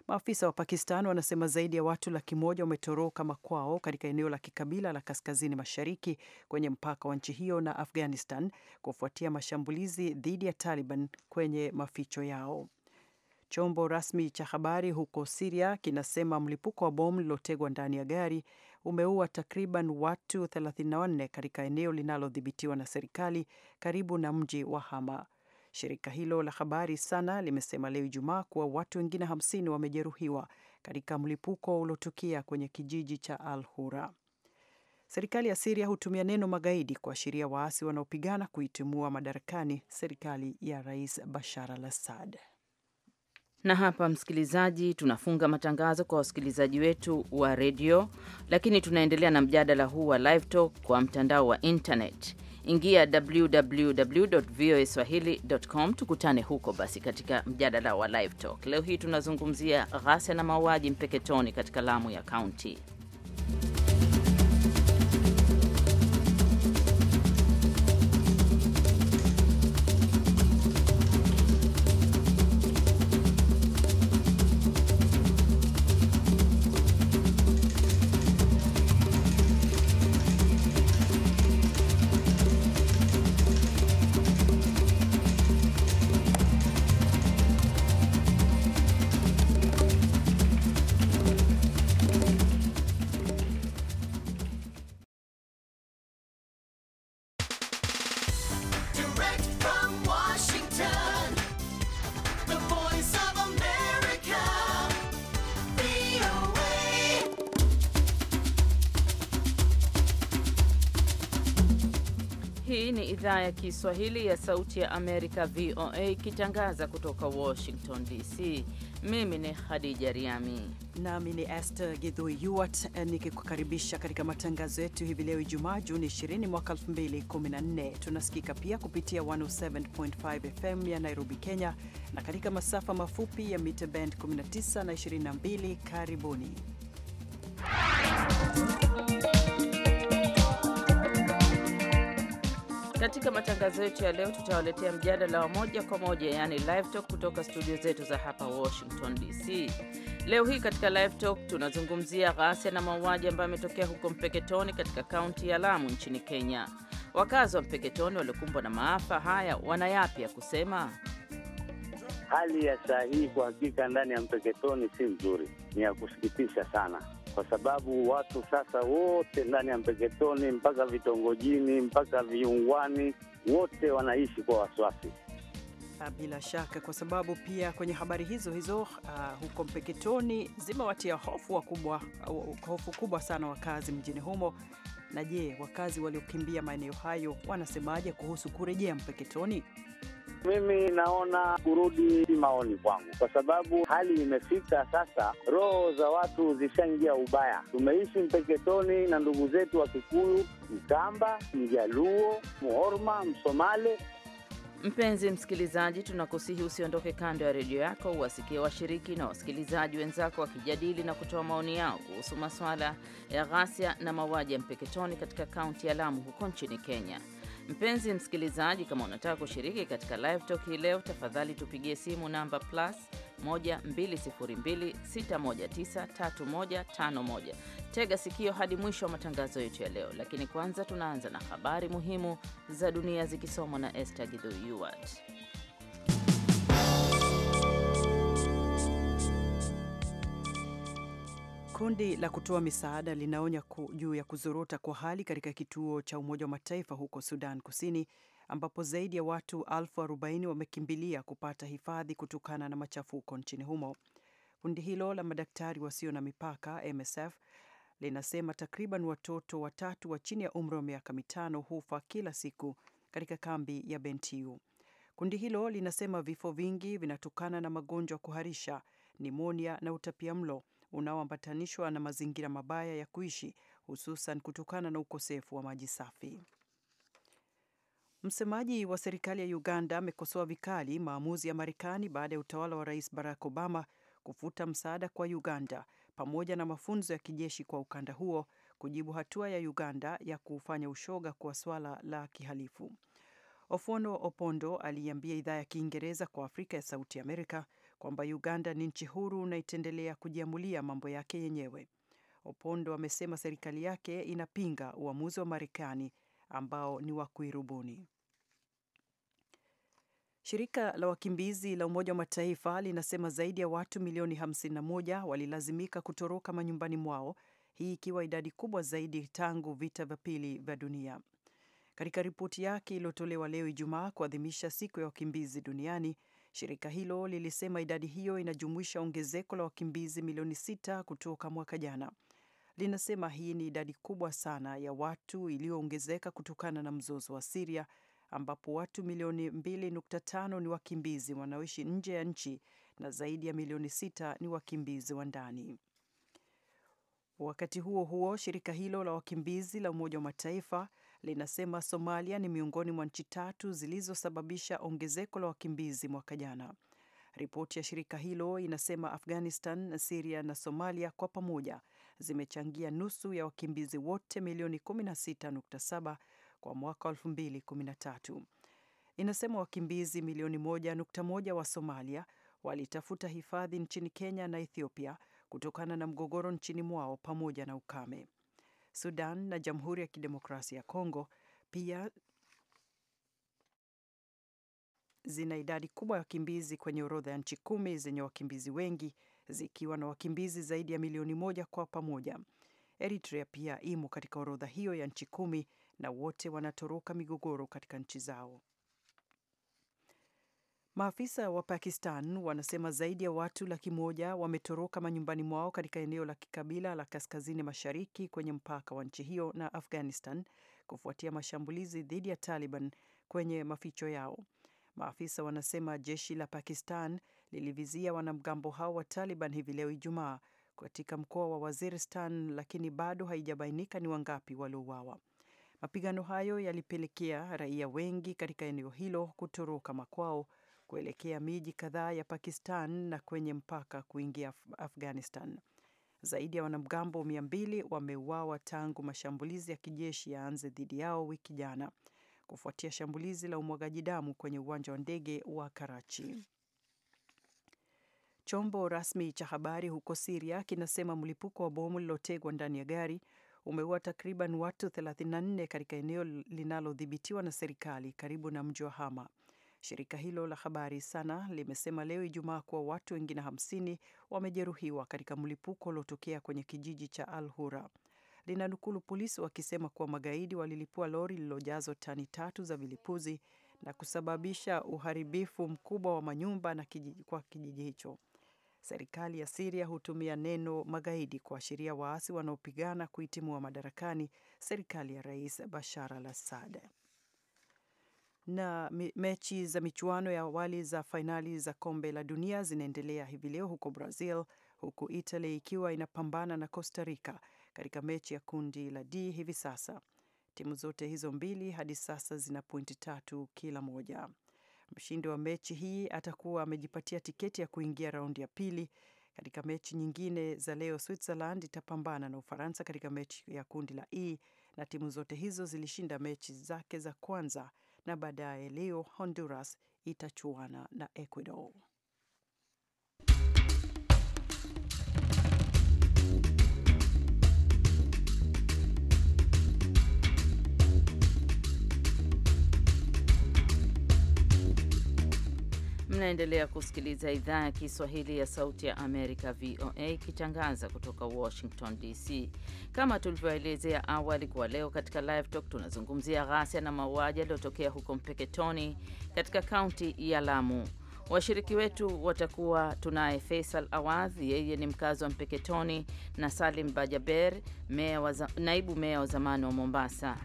Maafisa wa Pakistan wanasema zaidi ya watu laki moja wametoroka makwao katika eneo la kikabila la kaskazini mashariki kwenye mpaka wa nchi hiyo na Afghanistan kufuatia mashambulizi dhidi ya Taliban kwenye maficho yao. Chombo rasmi cha habari huko Siria kinasema mlipuko wa bomu lilotegwa ndani ya gari umeua takriban watu 34 katika eneo linalodhibitiwa na serikali karibu na mji wa Hama. Shirika hilo la habari SANA limesema leo Ijumaa kuwa watu wengine 50 wamejeruhiwa katika mlipuko uliotukia kwenye kijiji cha Al Hura. Serikali ya Siria hutumia neno magaidi kuashiria waasi wanaopigana kuitimua madarakani serikali ya Rais Bashar al Assad. Na hapa, msikilizaji, tunafunga matangazo kwa wasikilizaji wetu wa redio, lakini tunaendelea na mjadala huu wa Live Talk kwa mtandao wa internet ingia www.voaswahili.com. Tukutane huko basi katika mjadala wa Live Talk. Leo hii tunazungumzia ghasia na mauaji Mpeketoni katika Lamu ya Kaunti. Hii ni idhaa ya Kiswahili ya Sauti ya Amerika, VOA, ikitangaza kutoka Washington DC. Mimi ni Hadija Riami nami ni Esther Githui Yuwat eh, nikikukaribisha katika matangazo yetu hivi leo Ijumaa Juni 20 mwaka 2014. Tunasikika pia kupitia 107.5 FM ya Nairobi, Kenya, na katika masafa mafupi ya mita band 19 na 22. Karibuni Katika matangazo yetu ya leo tutawaletea mjadala wa moja kwa moja, yaani live talk kutoka studio zetu za hapa Washington DC. Leo hii katika live talk tunazungumzia ghasia na mauaji ambayo yametokea huko Mpeketoni katika kaunti ya Lamu nchini Kenya. Wakazi wa Mpeketoni waliokumbwa na maafa haya wana yapi ya kusema? Hali ya saa hii kwa hakika ndani ya Mpeketoni si nzuri, ni ya kusikitisha sana kwa sababu watu sasa wote ndani ya Mpeketoni mpaka vitongojini mpaka viungwani wote wanaishi kwa wasiwasi. Ah, bila shaka kwa sababu pia kwenye habari hizo hizo uh, huko Mpeketoni zimewatia hofu wakubwa, hofu kubwa sana wakazi mjini humo. Na je, wakazi waliokimbia maeneo hayo wanasemaje kuhusu kurejea Mpeketoni? Mimi naona kurudi, si maoni kwangu, kwa sababu hali imefika sasa, roho za watu zishaingia ubaya. Tumeishi Mpeketoni na ndugu zetu wa Kikuyu, Mkamba, Mjaluo, Mhorma, Msomale. Mpenzi msikilizaji, tunakusihi usiondoke kando ya redio yako, uwasikie washiriki na wasikilizaji wenzako wakijadili na kutoa maoni yao kuhusu masuala ya ghasia na mauaji ya Mpeketoni katika kaunti ya Lamu huko nchini Kenya. Mpenzi msikilizaji, kama unataka kushiriki katika live talk hii leo, tafadhali tupigie simu namba plus 12026193151. Tega sikio hadi mwisho wa matangazo yetu ya leo, lakini kwanza tunaanza na habari muhimu za dunia zikisomwa na Esther Gidhu Kundi la kutoa misaada linaonya juu ya kuzorota kwa hali katika kituo cha Umoja wa Mataifa huko Sudan Kusini ambapo zaidi ya watu elfu arobaini wamekimbilia kupata hifadhi kutokana na machafuko nchini humo. Kundi hilo la madaktari wasio na mipaka MSF linasema takriban watoto watatu wa chini ya umri wa miaka mitano hufa kila siku katika kambi ya Bentiu. Kundi hilo linasema vifo vingi vinatokana na magonjwa kuharisha, nimonia na utapia mlo unaoambatanishwa na mazingira mabaya ya kuishi hususan kutokana na ukosefu wa maji safi. Msemaji wa serikali ya Uganda amekosoa vikali maamuzi ya Marekani baada ya utawala wa Rais Barack Obama kufuta msaada kwa Uganda pamoja na mafunzo ya kijeshi kwa ukanda huo kujibu hatua ya Uganda ya kufanya ushoga kwa swala la kihalifu. Ofono Opondo aliiambia idhaa ya Kiingereza kwa Afrika ya Sauti Amerika kwamba Uganda ni nchi huru na itaendelea kujiamulia mambo yake yenyewe. Opondo amesema serikali yake inapinga uamuzi wa Marekani ambao ni wa kuirubuni. Shirika la wakimbizi la Umoja wa Mataifa linasema zaidi ya watu milioni 51 walilazimika kutoroka manyumbani mwao, hii ikiwa idadi kubwa zaidi tangu vita vya pili vya dunia. Katika ripoti yake iliyotolewa leo Ijumaa kuadhimisha siku ya wakimbizi duniani, Shirika hilo lilisema idadi hiyo inajumuisha ongezeko la wakimbizi milioni sita kutoka mwaka jana. Linasema hii ni idadi kubwa sana ya watu iliyoongezeka kutokana na mzozo wa Siria ambapo watu milioni 2.5 ni wakimbizi wanaoishi nje ya nchi na zaidi ya milioni sita ni wakimbizi wa ndani. Wakati huo huo, shirika hilo la wakimbizi la Umoja wa Mataifa linasema Somalia ni miongoni mwa nchi tatu zilizosababisha ongezeko la wakimbizi mwaka jana. Ripoti ya shirika hilo inasema Afghanistan, Siria na Somalia kwa pamoja zimechangia nusu ya wakimbizi wote milioni 16.7 kwa mwaka 2013. Inasema wakimbizi milioni 1.1 wa Somalia walitafuta hifadhi nchini Kenya na Ethiopia kutokana na mgogoro nchini mwao pamoja na ukame. Sudan na Jamhuri ya Kidemokrasia ya Kongo pia zina idadi kubwa ya wakimbizi kwenye orodha ya nchi kumi zenye wakimbizi wengi zikiwa na wakimbizi zaidi ya milioni moja kwa pamoja. Eritrea pia imo katika orodha hiyo ya nchi kumi na wote wanatoroka migogoro katika nchi zao. Maafisa wa Pakistan wanasema zaidi ya watu laki moja wametoroka manyumbani mwao katika eneo la kikabila la kaskazini mashariki kwenye mpaka wa nchi hiyo na Afghanistan kufuatia mashambulizi dhidi ya Taliban kwenye maficho yao. Maafisa wanasema jeshi la Pakistan lilivizia wanamgambo hao wa Taliban hivi leo Ijumaa katika mkoa wa Waziristan, lakini bado haijabainika ni wangapi waliouawa. Mapigano hayo yalipelekea raia wengi katika eneo hilo kutoroka makwao kuelekea miji kadhaa ya Pakistan na kwenye mpaka kuingia Af Afghanistan. Zaidi ya wanamgambo mia mbili wameuawa tangu mashambulizi ya kijeshi yaanze dhidi yao wiki jana kufuatia shambulizi la umwagaji damu kwenye uwanja wa ndege wa Karachi. Chombo rasmi cha habari huko Siria kinasema mlipuko wa bomu lilotegwa ndani ya gari umeua takriban watu 34 katika eneo linalodhibitiwa na serikali karibu na mji wa Hama. Shirika hilo la habari SANA limesema leo Ijumaa kuwa watu wengine 50 wamejeruhiwa katika mlipuko uliotokea kwenye kijiji cha Al Hura. Linanukulu polisi wakisema kuwa magaidi walilipua lori lililojazwa tani tatu za vilipuzi na kusababisha uharibifu mkubwa wa manyumba na kijiji, kwa kijiji hicho. Serikali ya Siria hutumia neno magaidi kuashiria waasi wanaopigana kuitimua madarakani serikali ya Rais Bashar al-Assad na mechi za michuano ya awali za fainali za kombe la dunia zinaendelea hivi leo huko Brazil, huku Italy ikiwa inapambana na Costa Rica katika mechi ya kundi la D hivi sasa. Timu zote hizo mbili hadi sasa zina pointi tatu kila moja. Mshindi wa mechi hii atakuwa amejipatia tiketi ya kuingia raundi ya pili. Katika mechi nyingine za leo, Switzerland itapambana na Ufaransa katika mechi ya kundi la E, na timu zote hizo zilishinda mechi zake za kwanza na baadaye leo Honduras itachuana na Ecuador. Mnaendelea kusikiliza idhaa ya Kiswahili ya Sauti ya Amerika, VOA, ikitangaza kutoka Washington DC. Kama tulivyoelezea awali, kwa leo katika Live Talk tunazungumzia ghasia na mauaji yaliyotokea huko Mpeketoni katika kaunti ya Lamu. Washiriki wetu watakuwa tunaye Faisal Awadh, yeye ni mkazi wa Mpeketoni, na Salim Bajaber, meya wa, naibu meya wa zamani wa Mombasa.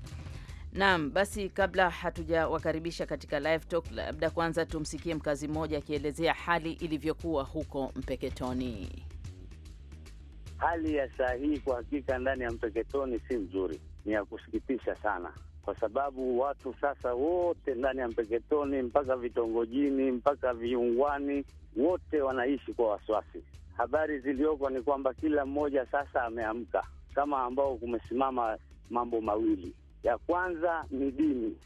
Naam, basi kabla hatujawakaribisha katika live talk, labda kwanza tumsikie mkazi mmoja akielezea hali ilivyokuwa huko Mpeketoni. Hali ya saa hii kwa hakika ndani ya Mpeketoni si nzuri, ni ya kusikitisha sana, kwa sababu watu sasa wote ndani ya Mpeketoni mpaka vitongojini mpaka viungwani, wote wanaishi kwa wasiwasi. Habari ziliyoko ni kwamba kila mmoja sasa ameamka, kama ambao kumesimama mambo mawili ya kwanza ni dini,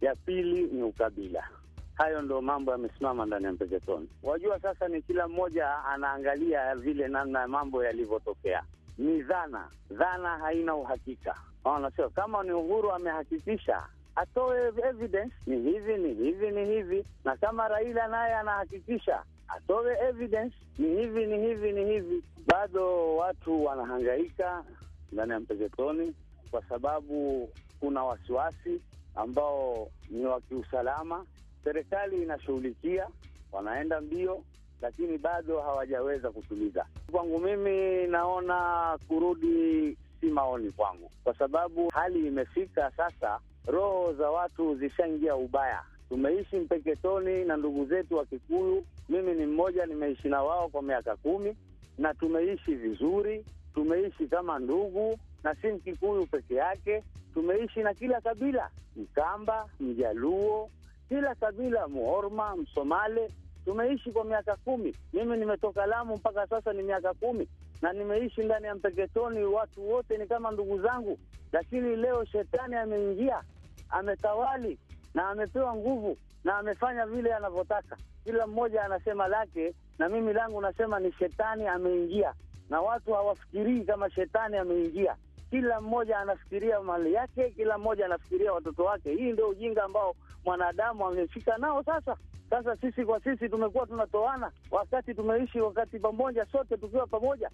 ya pili ni ukabila. Hayo ndo mambo yamesimama ndani ya Mpeketoni. Wajua, sasa ni kila mmoja anaangalia vile namna ya mambo yalivyotokea. Ni dhana, dhana haina uhakika. Wanasema kama ni Uhuru amehakikisha atoe evidence, ni hivi ni hivi ni hivi, na kama Raila naye anahakikisha atoe evidence, ni hivi ni hivi ni hivi. Bado watu wanahangaika ndani ya Mpeketoni kwa sababu kuna wasiwasi ambao ni wa kiusalama. Serikali inashughulikia, wanaenda mbio, lakini bado hawajaweza kutuliza. Kwangu mimi, naona kurudi si maoni kwangu, kwa sababu hali imefika sasa, roho za watu zishaingia ubaya. Tumeishi Mpeketoni na ndugu zetu wa Kikuyu. Mimi ni mmoja, nimeishi na wao kwa miaka kumi na tumeishi vizuri, tumeishi kama ndugu na si Mkikuyu peke yake, tumeishi na kila kabila, Mkamba, Mjaluo, kila kabila, Mhorma, Msomale, tumeishi kwa miaka kumi. Mimi nimetoka Lamu mpaka sasa ni miaka kumi na nimeishi ndani ya Mpeketoni, watu wote ni kama ndugu zangu, lakini leo shetani ameingia, ametawali na amepewa nguvu na amefanya vile anavyotaka. Kila mmoja anasema lake, na mimi langu nasema ni shetani ameingia, na watu hawafikirii kama shetani ameingia. Kila mmoja anafikiria mali yake, kila mmoja anafikiria watoto wake. Hii ndio ujinga ambao mwanadamu amefika nao sasa. Sasa sisi kwa sisi tumekuwa tunatoana, wakati tumeishi wakati pamoja, sote tukiwa pamoja.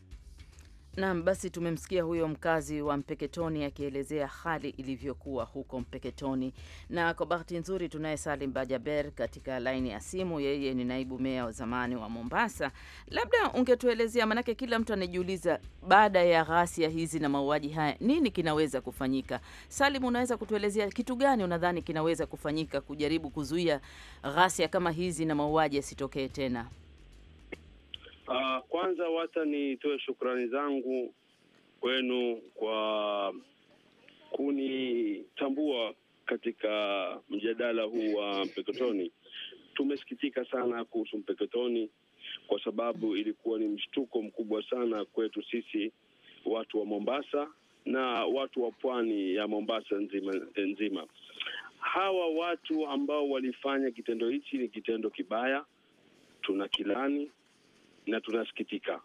Naam, basi tumemsikia huyo mkazi wa Mpeketoni akielezea hali ilivyokuwa huko Mpeketoni. Na kwa bahati nzuri tunaye Salim Bajaber katika laini ya simu, yeye ni naibu meya wa zamani wa Mombasa. Labda ungetuelezea, maanake kila mtu anajiuliza baada ya ghasia hizi na mauaji haya, nini kinaweza kufanyika? Salim, unaweza kutuelezea kitu gani unadhani kinaweza kufanyika kujaribu kuzuia ghasia kama hizi na mauaji yasitokee tena? Uh, kwanza wacha nitoe shukrani zangu kwenu kwa kunitambua katika mjadala huu wa Mpeketoni. Tumesikitika sana kuhusu Mpeketoni kwa sababu ilikuwa ni mshtuko mkubwa sana kwetu sisi watu wa Mombasa na watu wa pwani ya Mombasa nzima nzima. Hawa watu ambao walifanya kitendo hichi ni kitendo kibaya, tuna kilani na tunasikitika.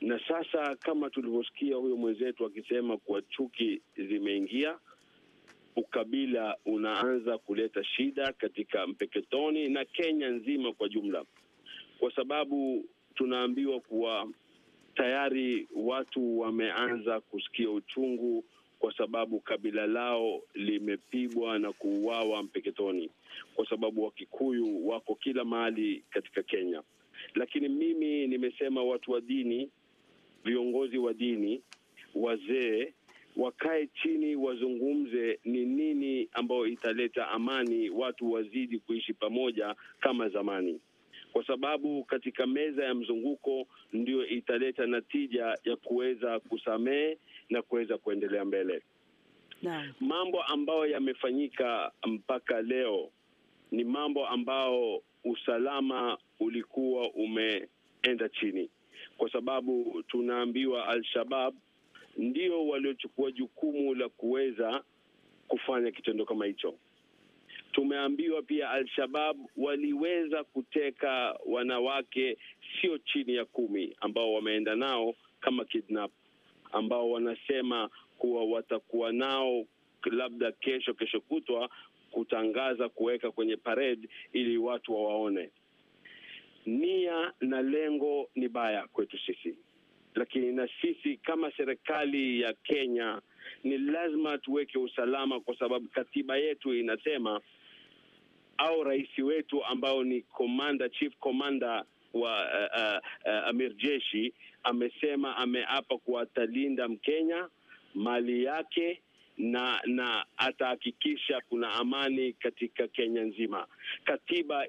Na sasa kama tulivyosikia huyo mwenzetu akisema kuwa chuki zimeingia, ukabila unaanza kuleta shida katika Mpeketoni na Kenya nzima kwa jumla, kwa sababu tunaambiwa kuwa tayari watu wameanza kusikia uchungu kwa sababu kabila lao limepigwa na kuuawa Mpeketoni, kwa sababu Wakikuyu wako kila mahali katika Kenya. Lakini mimi nimesema watu wa dini, viongozi wa dini, wazee wakae chini wazungumze ni nini ambayo italeta amani, watu wazidi kuishi pamoja kama zamani, kwa sababu katika meza ya mzunguko ndio italeta natija ya kuweza kusamehe na kuweza kuendelea mbele na. Mambo ambayo yamefanyika mpaka leo ni mambo ambayo usalama ulikuwa umeenda chini, kwa sababu tunaambiwa Al-Shabab ndio waliochukua jukumu la kuweza kufanya kitendo kama hicho. Tumeambiwa pia Al-Shabab waliweza kuteka wanawake sio chini ya kumi ambao wameenda nao kama kidnap, ambao wanasema kuwa watakuwa nao labda kesho, kesho kutwa, kutangaza kuweka kwenye parade ili watu wawaone nia na lengo ni baya kwetu sisi, lakini na sisi kama serikali ya Kenya ni lazima tuweke usalama, kwa sababu katiba yetu inasema au rais wetu ambao ni komanda, chief commander wa uh, uh, uh, amir jeshi amesema, ameapa kuwa atalinda Mkenya mali yake na na atahakikisha kuna amani katika Kenya nzima. Katiba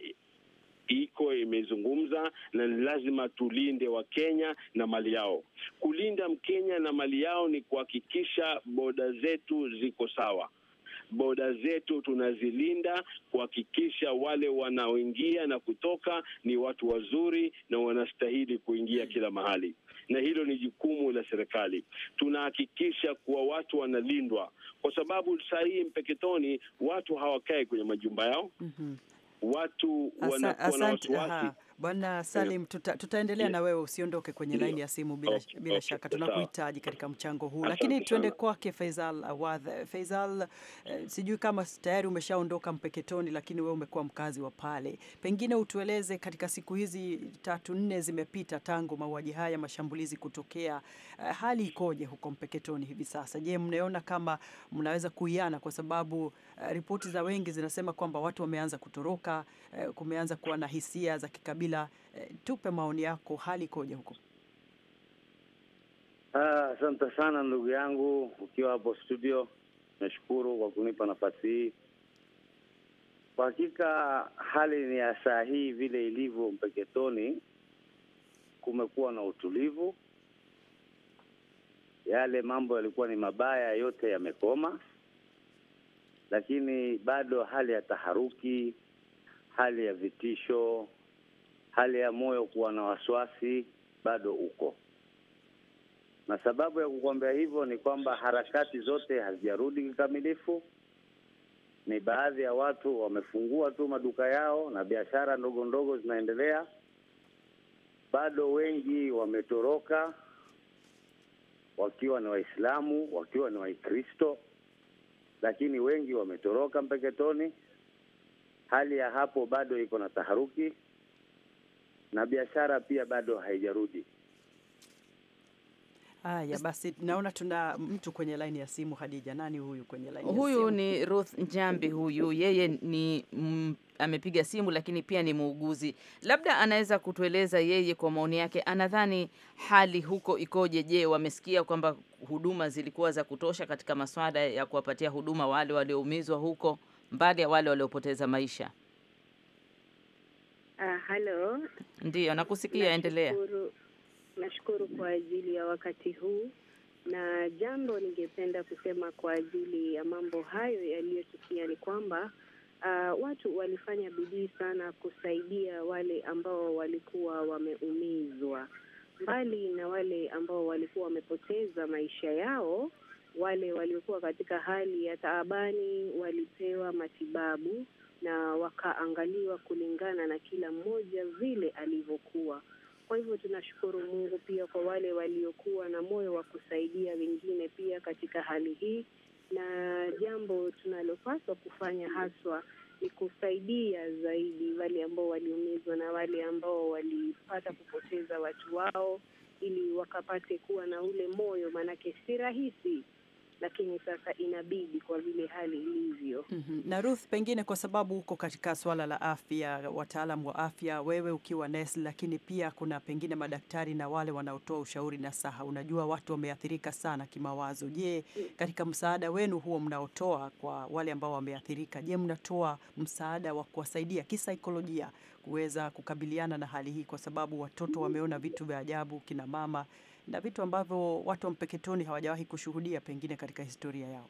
iko imezungumza, na ni lazima tulinde Wakenya na mali yao. Kulinda Mkenya na mali yao ni kuhakikisha boda zetu ziko sawa boda zetu tunazilinda kuhakikisha wale wanaoingia na kutoka ni watu wazuri na wanastahili kuingia kila mahali, na hilo ni jukumu la serikali. Tunahakikisha kuwa watu wanalindwa, kwa sababu sahihi Mpeketoni watu hawakae kwenye majumba yao. mm -hmm watu wanakuwa na wasiwasi Bwana Salim, tuta, tutaendelea yeah. na wewe usiondoke kwenye yeah. laini ya simu bila, okay. bila okay. shaka tunakuhitaji katika mchango huu, lakini tuende kwake Faisal Awadh. Faisal, eh, sijui kama tayari umeshaondoka Mpeketoni, lakini wewe umekuwa mkazi wa pale, pengine utueleze katika siku hizi tatu nne zimepita tangu mauaji haya mashambulizi kutokea, eh, hali ikoje huko Mpeketoni hivi sasa? Je, mnaona kama mnaweza kuiana kwa sababu eh, ripoti za wengi zinasema kwamba watu wameanza kutoroka, eh, kumeanza kuwa na hisia za kikabila Kabila. eh, tupe maoni yako, hali ikoje huko? Ah, asante ah, sana ndugu yangu, ukiwa hapo studio. Nashukuru kwa kunipa nafasi hii. Kwa hakika hali ni ya saa hii vile ilivyo Mpeketoni, kumekuwa na utulivu. Yale mambo yalikuwa ni mabaya yote yamekoma, lakini bado hali ya taharuki, hali ya vitisho, hali ya moyo kuwa na wasiwasi bado uko, na sababu ya kukwambia hivyo ni kwamba harakati zote hazijarudi kikamilifu. Ni baadhi ya watu wamefungua tu maduka yao na biashara ndogo ndogo zinaendelea, bado wengi wametoroka, wakiwa ni Waislamu, wakiwa ni Wakristo, lakini wengi wametoroka mpeketoni. Hali ya hapo bado iko na taharuki na biashara pia bado haijarudi. Haya basi, naona tuna mtu kwenye laini ya simu. Hadija, nani huyu kwenye laini ya simu? Huyu ni Ruth Njambi, huyu yeye ni mm, amepiga simu lakini pia ni muuguzi. Labda anaweza kutueleza yeye kwa maoni yake anadhani hali huko ikoje? Je, wamesikia kwamba huduma zilikuwa za kutosha katika maswala ya kuwapatia huduma wale walioumizwa huko, mbali ya wale waliopoteza maisha? Halo. Ah, uh, ndiyo nakusikia, endelea. Nashukuru kwa ajili ya wakati huu, na jambo ningependa kusema kwa ajili ya mambo hayo yaliyotukia ni kwamba uh, watu walifanya bidii sana kusaidia wale ambao walikuwa wameumizwa, mbali na wale ambao walikuwa wamepoteza maisha yao. Wale waliokuwa katika hali ya taabani walipewa matibabu na wakaangaliwa kulingana na kila mmoja vile alivyokuwa. Kwa hivyo tunashukuru Mungu pia kwa wale waliokuwa na moyo wa kusaidia wengine pia katika hali hii, na jambo tunalopaswa kufanya haswa ni kusaidia zaidi wale ambao waliumizwa na wale ambao walipata kupoteza watu wao, ili wakapate kuwa na ule moyo, maanake si rahisi lakini sasa inabidi kwa vile hali ilivyo. mm -hmm. Na Ruth, pengine kwa sababu huko katika swala la afya, wataalam wa afya, wewe ukiwa nesi, lakini pia kuna pengine madaktari na wale wanaotoa ushauri na saha, unajua watu wameathirika sana kimawazo. Je, katika msaada wenu huo mnaotoa kwa wale ambao wameathirika, je, mnatoa msaada wa kuwasaidia kisaikolojia kuweza kukabiliana na hali hii, kwa sababu watoto wameona vitu vya ajabu, kina mama na vitu ambavyo watu wa Mpeketoni hawajawahi kushuhudia pengine katika historia yao.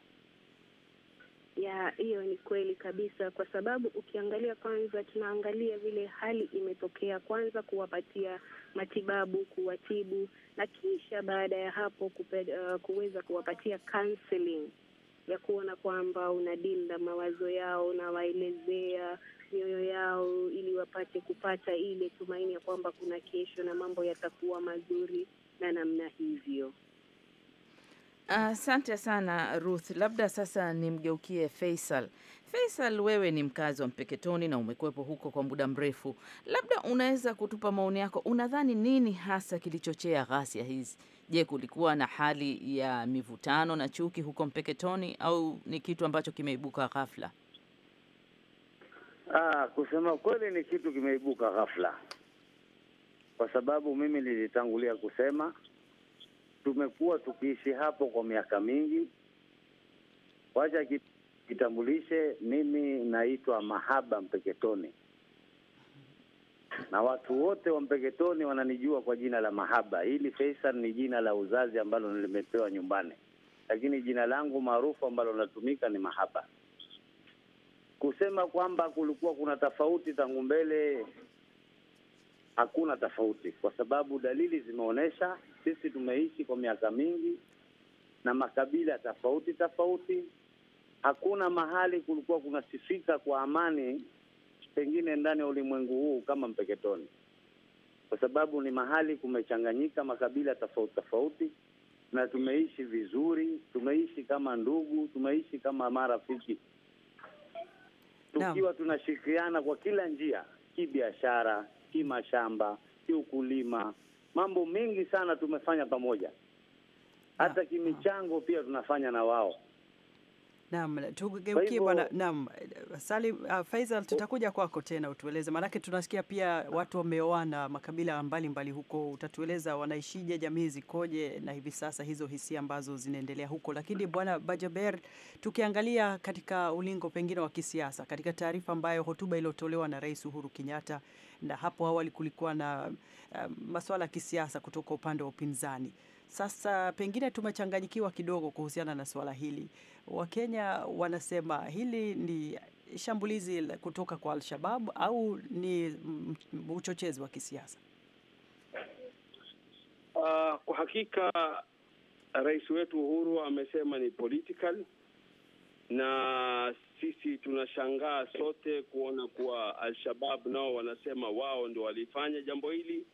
Ya, hiyo ni kweli kabisa, kwa sababu ukiangalia kwanza, tunaangalia vile hali imetokea kwanza, kuwapatia matibabu, kuwatibu na kisha baada ya hapo kupe, uh, kuweza kuwapatia counseling ya kuona kwamba na mawazo yao, unawaelezea mioyo yao, ili wapate kupata ile tumaini ya kwamba kuna kesho na mambo yatakuwa mazuri na namna hivyo. Asante uh, sana Ruth. Labda sasa nimgeukie Faisal. Faisal, wewe ni mkazi wa Mpeketoni na umekuwepo huko kwa muda mrefu, labda unaweza kutupa maoni yako. Unadhani nini hasa kilichochea ghasia hizi? Je, kulikuwa na hali ya mivutano na chuki huko Mpeketoni au ni kitu ambacho kimeibuka ghafla? Ah, kusema kweli ni kitu kimeibuka ghafla kwa sababu mimi nilitangulia kusema tumekuwa tukiishi hapo kwa miaka mingi. Wacha kitambulishe, mimi naitwa Mahaba Mpeketoni na watu wote wa Mpeketoni wananijua kwa jina la Mahaba. Hili Faisal ni jina la uzazi ambalo nilimepewa nyumbani, lakini jina langu maarufu ambalo linatumika ni Mahaba. Kusema kwamba kulikuwa kuna tofauti tangu mbele hakuna tofauti, kwa sababu dalili zimeonyesha, sisi tumeishi kwa miaka mingi na makabila tofauti tofauti. Hakuna mahali kulikuwa kunasifika kwa amani pengine ndani ya ulimwengu huu kama Mpeketoni, kwa sababu ni mahali kumechanganyika makabila tofauti tofauti, na tumeishi vizuri, tumeishi kama ndugu, tumeishi kama marafiki, tukiwa tunashirikiana kwa kila njia, kibiashara kimashamba, kiukulima, mambo mengi sana tumefanya pamoja, hata kimichango pia tunafanya na wao. Naam, tugeukie bwana. Naam, Salim uh, Faisal, tutakuja kwako tena utueleze, maanake tunasikia pia watu wameoana makabila mbalimbali mbali huko. Utatueleza wanaishije, jamii zikoje, na hivi sasa hizo hisia ambazo zinaendelea huko. Lakini bwana Bajaber, tukiangalia katika ulingo pengine wa kisiasa, katika taarifa ambayo hotuba iliyotolewa na Rais Uhuru Kenyatta na hapo awali kulikuwa na uh, eh, masuala ya kisiasa kutoka upande wa upinzani. Sasa pengine tumechanganyikiwa kidogo kuhusiana na swala hili. Wakenya wanasema hili ni shambulizi kutoka kwa al au ni mm, uchochezi wa kisiasa? Uh, kwa hakika rais wetu Uhuru amesema ni political na sisi tunashangaa sote kuona kuwa Al-Shabab nao wanasema wao ndio walifanya jambo hili.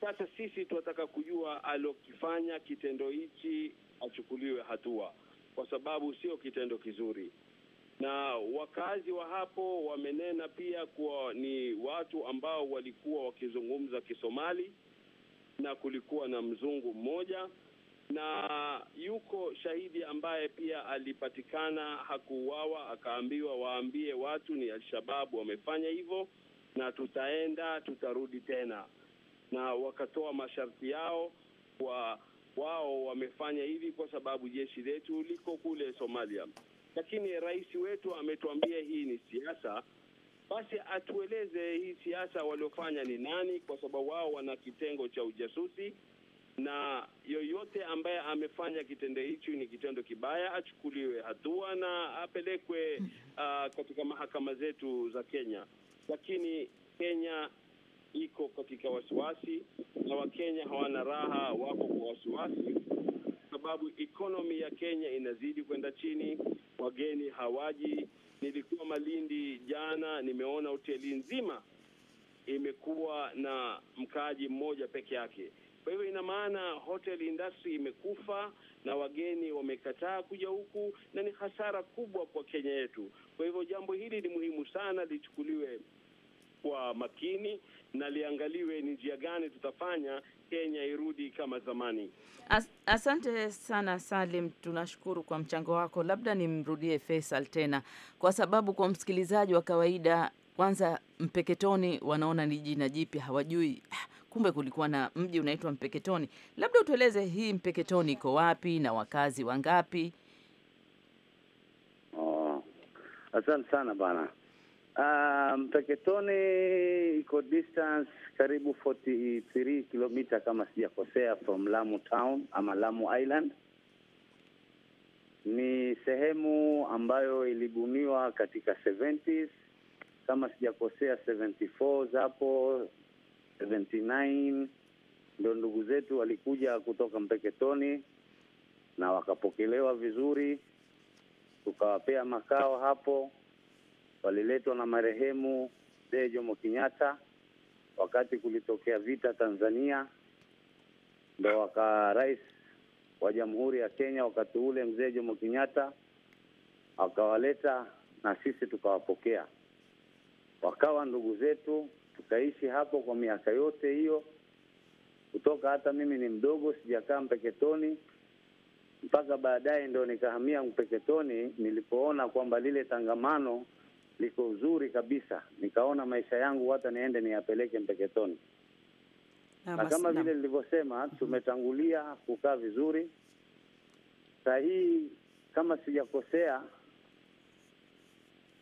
Sasa sisi tunataka kujua alokifanya kitendo hichi achukuliwe hatua, kwa sababu sio kitendo kizuri. Na wakazi wa hapo wamenena pia kuwa ni watu ambao walikuwa wakizungumza Kisomali na kulikuwa na mzungu mmoja na yuko shahidi ambaye pia alipatikana hakuuawa, akaambiwa waambie watu ni Alshababu wamefanya hivyo, na tutaenda tutarudi tena, na wakatoa masharti yao kwa wao wamefanya hivi kwa sababu jeshi letu liko kule Somalia, lakini rais wetu ametuambia hii ni siasa. Basi atueleze hii siasa waliofanya ni nani, kwa sababu wao wana kitengo cha ujasusi na yoyote ambaye amefanya kitendo hichi ni kitendo kibaya, achukuliwe hatua na apelekwe mm-hmm. uh, katika mahakama zetu za Kenya. Lakini Kenya iko katika wasiwasi na Wakenya hawana raha, wako kwa wasiwasi sababu ekonomi ya Kenya inazidi kwenda chini, wageni hawaji. Nilikuwa Malindi jana, nimeona hoteli nzima imekuwa na mkaaji mmoja peke yake. Kwa hivyo ina maana hotel industry imekufa na wageni wamekataa kuja huku, na ni hasara kubwa kwa Kenya yetu. Kwa hivyo jambo hili ni muhimu sana lichukuliwe kwa makini na liangaliwe ni njia gani tutafanya Kenya irudi kama zamani. As, asante sana Salim, tunashukuru kwa mchango wako. Labda nimrudie Faisal tena, kwa sababu kwa msikilizaji wa kawaida, kwanza Mpeketoni wanaona ni jina jipya, hawajui kumbe kulikuwa na mji unaitwa Mpeketoni. Labda utueleze hii Mpeketoni iko wapi na wakazi wangapi? Oh, asante sana bana. Uh, Mpeketoni iko distance karibu 43 kilomita kama sijakosea, from Lamu town ama Lamu Island. Ni sehemu ambayo ilibuniwa katika 70s kama sijakosea, 74 zapo 79 ndio ndugu zetu walikuja kutoka Mpeketoni na wakapokelewa vizuri, tukawapea makao hapo. Waliletwa na marehemu Mzee Jomo Kenyatta wakati kulitokea vita Tanzania, ndo waka rais wa Jamhuri ya Kenya wakati ule Mzee Jomo Kenyatta akawaleta na sisi tukawapokea, wakawa ndugu zetu Tukaishi hapo kwa miaka yote hiyo, kutoka hata mimi ni mdogo sijakaa Mpeketoni mpaka baadaye ndo nikahamia Mpeketoni nilipoona kwamba lile tangamano liko uzuri kabisa, nikaona maisha yangu hata niende niyapeleke Mpeketoni. Na, na kama vile nilivyosema, tumetangulia kukaa vizuri. Saa hii kama sijakosea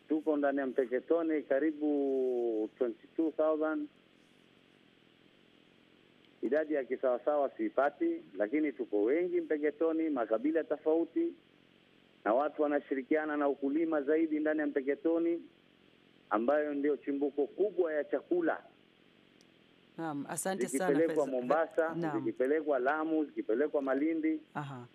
tuko ndani ya Mpeketoni karibu 22000 idadi ya kisawasawa siipati, lakini tuko wengi Mpeketoni, makabila tofauti, na watu wanashirikiana na ukulima zaidi ndani ya Mpeketoni, ambayo ndio chimbuko kubwa ya chakula. Naam, asante sana. Zikipelekwa Mombasa, zikipelekwa Lamu, zikipelekwa Malindi. Aha.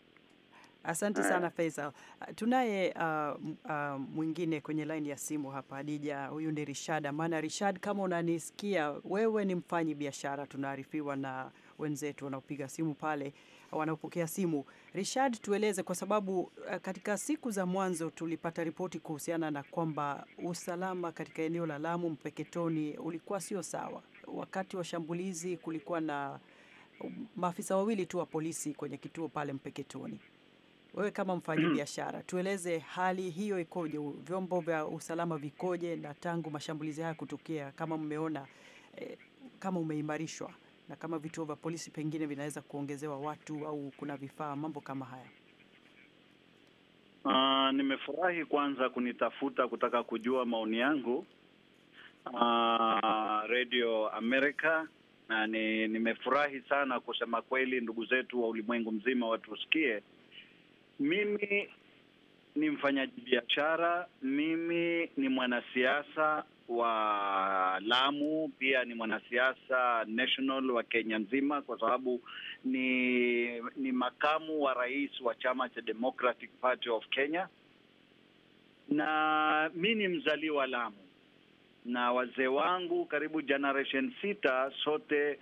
Asante sana Faisal. Tunaye uh, uh, mwingine kwenye laini ya simu hapa adija Huyu ni Rishad Amana. Rishad, kama unanisikia wewe, ni mfanyi biashara, tunaarifiwa na wenzetu wanaopiga simu pale, wanaopokea simu. Rishad, tueleze kwa sababu uh, katika siku za mwanzo tulipata ripoti kuhusiana na kwamba usalama katika eneo la Lamu Mpeketoni ulikuwa sio sawa. Wakati wa shambulizi kulikuwa na um, maafisa wawili tu wa polisi kwenye kituo pale Mpeketoni. Wewe kama mfanyi mm. biashara tueleze hali hiyo ikoje, vyombo vya usalama vikoje, na tangu mashambulizi haya kutokea, kama mmeona eh, kama umeimarishwa na kama vituo vya polisi pengine vinaweza kuongezewa watu au kuna vifaa, mambo kama haya. Uh, nimefurahi kwanza kunitafuta kutaka kujua maoni yangu uh, Radio America na ni, nimefurahi sana kusema kweli, ndugu zetu wa ulimwengu mzima watusikie mimi ni mfanyaji biashara, mimi ni mwanasiasa wa Lamu, pia ni mwanasiasa national wa Kenya nzima, kwa sababu ni ni makamu wa rais wa chama cha Democratic Party of Kenya, na mi ni mzaliwa Lamu na wazee wangu karibu generation sita, sote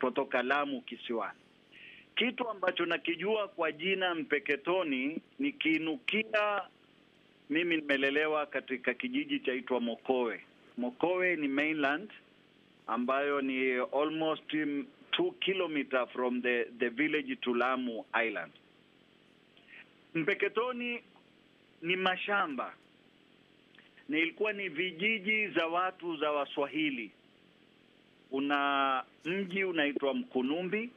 kutoka Lamu kisiwani. Kitu ambacho nakijua kwa jina Mpeketoni ni kiinukia. Mimi nimelelewa katika kijiji chaitwa Mokowe. Mokowe ni mainland ambayo ni almost two kilomita from the, the village to Lamu Island. Mpeketoni ni mashamba na ilikuwa ni vijiji za watu za Waswahili. kuna mji unaitwa Mkunumbi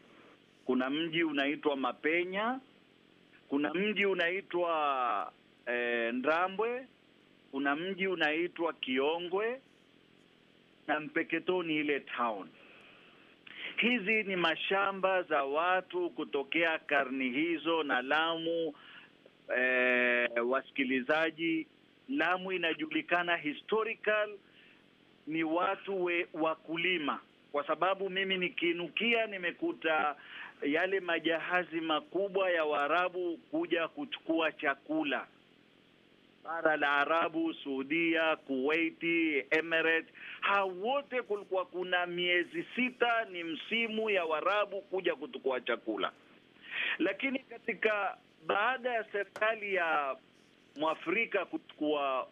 kuna mji unaitwa Mapenya, kuna mji unaitwa eh, Ndambwe, kuna mji unaitwa Kiongwe na Mpeketoni ile town. Hizi ni mashamba za watu kutokea karni hizo na Lamu. Eh, wasikilizaji, Lamu inajulikana historical ni watu we, wakulima, kwa sababu mimi nikiinukia nimekuta yale majahazi makubwa ya Waarabu kuja kuchukua chakula bara la Arabu, Saudia, Kuwaiti, Emirates, hao wote kulikuwa kuna miezi sita ni msimu ya Waarabu kuja kutukua chakula. Lakini katika baada ya serikali ya Mwafrika kuchukua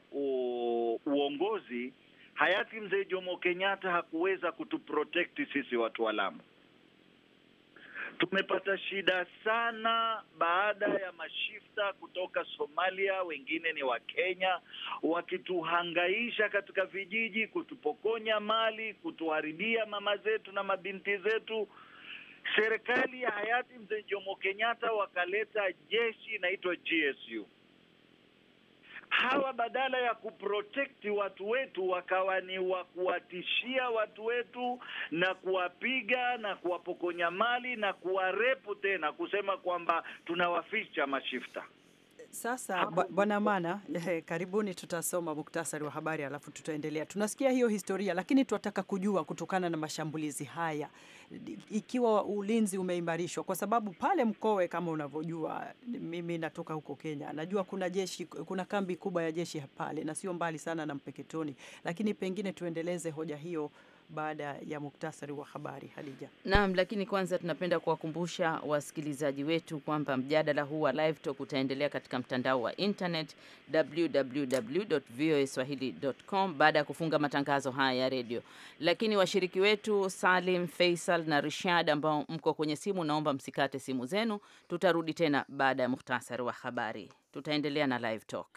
uongozi, hayati mzee Jomo Kenyatta hakuweza kutuprotekti sisi watu wa Lamu. Tumepata shida sana baada ya mashifta kutoka Somalia, wengine ni Wakenya, wakituhangaisha katika vijiji, kutupokonya mali, kutuharibia mama zetu na mabinti zetu. Serikali ya hayati mzee Jomo Kenyatta wakaleta jeshi inaitwa GSU hawa badala ya kuprotekti watu wetu wakawa ni wa kuwatishia watu wetu na kuwapiga na kuwapokonya mali na kuwarepu, tena kusema kwamba tunawaficha mashifta. Sasa bwana Mana, eh, karibuni. Tutasoma muktasari wa habari alafu tutaendelea. Tunasikia hiyo historia, lakini tunataka kujua kutokana na mashambulizi haya, ikiwa ulinzi umeimarishwa, kwa sababu pale Mkowe, kama unavyojua, mimi natoka huko Kenya, najua kuna jeshi, kuna kambi kubwa ya jeshi pale na sio mbali sana na Mpeketoni, lakini pengine tuendeleze hoja hiyo baada ya muktasari wa habari Hadija. Naam, lakini kwanza tunapenda kuwakumbusha wasikilizaji wetu kwamba mjadala huu wa live talk utaendelea katika mtandao wa internet www.voaswahili.com baada ya kufunga matangazo haya ya redio. Lakini washiriki wetu Salim, Faisal na Rishad ambao mko kwenye simu, naomba msikate simu zenu. Tutarudi tena baada ya muktasari wa habari, tutaendelea na live talk.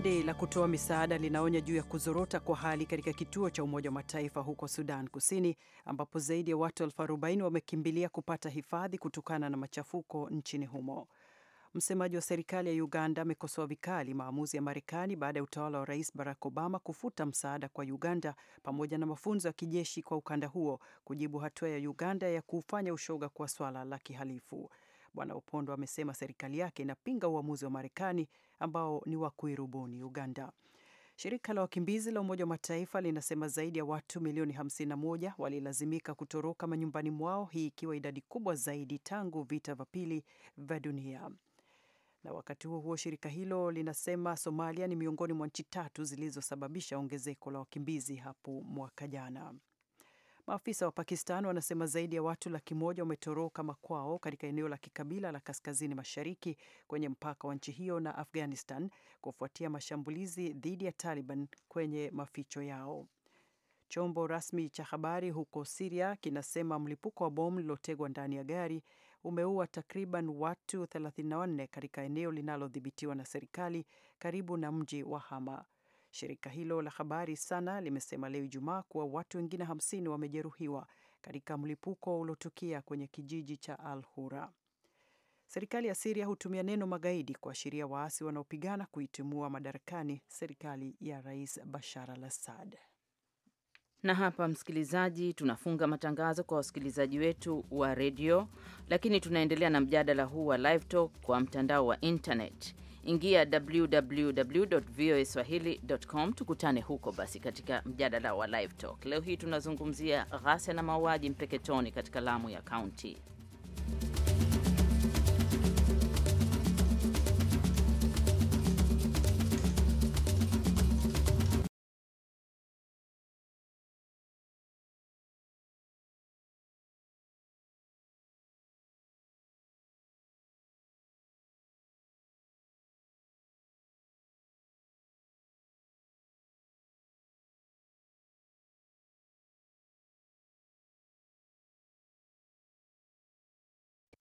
Kundi la kutoa misaada linaonya juu ya kuzorota kwa hali katika kituo cha Umoja wa Mataifa huko Sudan Kusini, ambapo zaidi ya watu elfu arobaini wamekimbilia kupata hifadhi kutokana na machafuko nchini humo. Msemaji wa serikali ya Uganda amekosoa vikali maamuzi ya Marekani baada ya utawala wa Rais Barack Obama kufuta msaada kwa Uganda pamoja na mafunzo ya kijeshi kwa ukanda huo kujibu hatua ya Uganda ya kufanya ushoga kwa swala la kihalifu. Bwana Opondo amesema serikali yake inapinga uamuzi wa Marekani ambao ni wa Kwiru Uganda. Shirika la wakimbizi la Umoja wa Mataifa linasema zaidi ya watu milioni 51 walilazimika kutoroka manyumbani mwao, hii ikiwa idadi kubwa zaidi tangu vita vya pili vya dunia. Na wakati huo huo, shirika hilo linasema Somalia ni miongoni mwa nchi tatu zilizosababisha ongezeko la wakimbizi hapo mwaka jana. Maafisa wa Pakistan wanasema zaidi ya watu laki moja wametoroka makwao katika eneo la kikabila la kaskazini mashariki kwenye mpaka wa nchi hiyo na Afghanistan kufuatia mashambulizi dhidi ya Taliban kwenye maficho yao. Chombo rasmi cha habari huko Siria kinasema mlipuko wa bomu lilotegwa ndani ya gari umeua takriban watu 34 katika eneo linalodhibitiwa na serikali karibu na mji wa Hama. Shirika hilo la habari SANA limesema leo Ijumaa kuwa watu wengine 50 wamejeruhiwa katika mlipuko uliotukia kwenye kijiji cha Al Hura. Serikali ya Siria hutumia neno magaidi kuashiria waasi wanaopigana kuitimua madarakani serikali ya Rais Bashar al Assad. Na hapa msikilizaji, tunafunga matangazo kwa wasikilizaji wetu wa redio, lakini tunaendelea na mjadala huu wa Live Talk kwa mtandao wa internet ingia www.voaswahili.com. Tukutane huko basi katika mjadala wa livetalk Leo hii tunazungumzia ghasia na mauaji Mpeketoni katika Lamu ya kaunti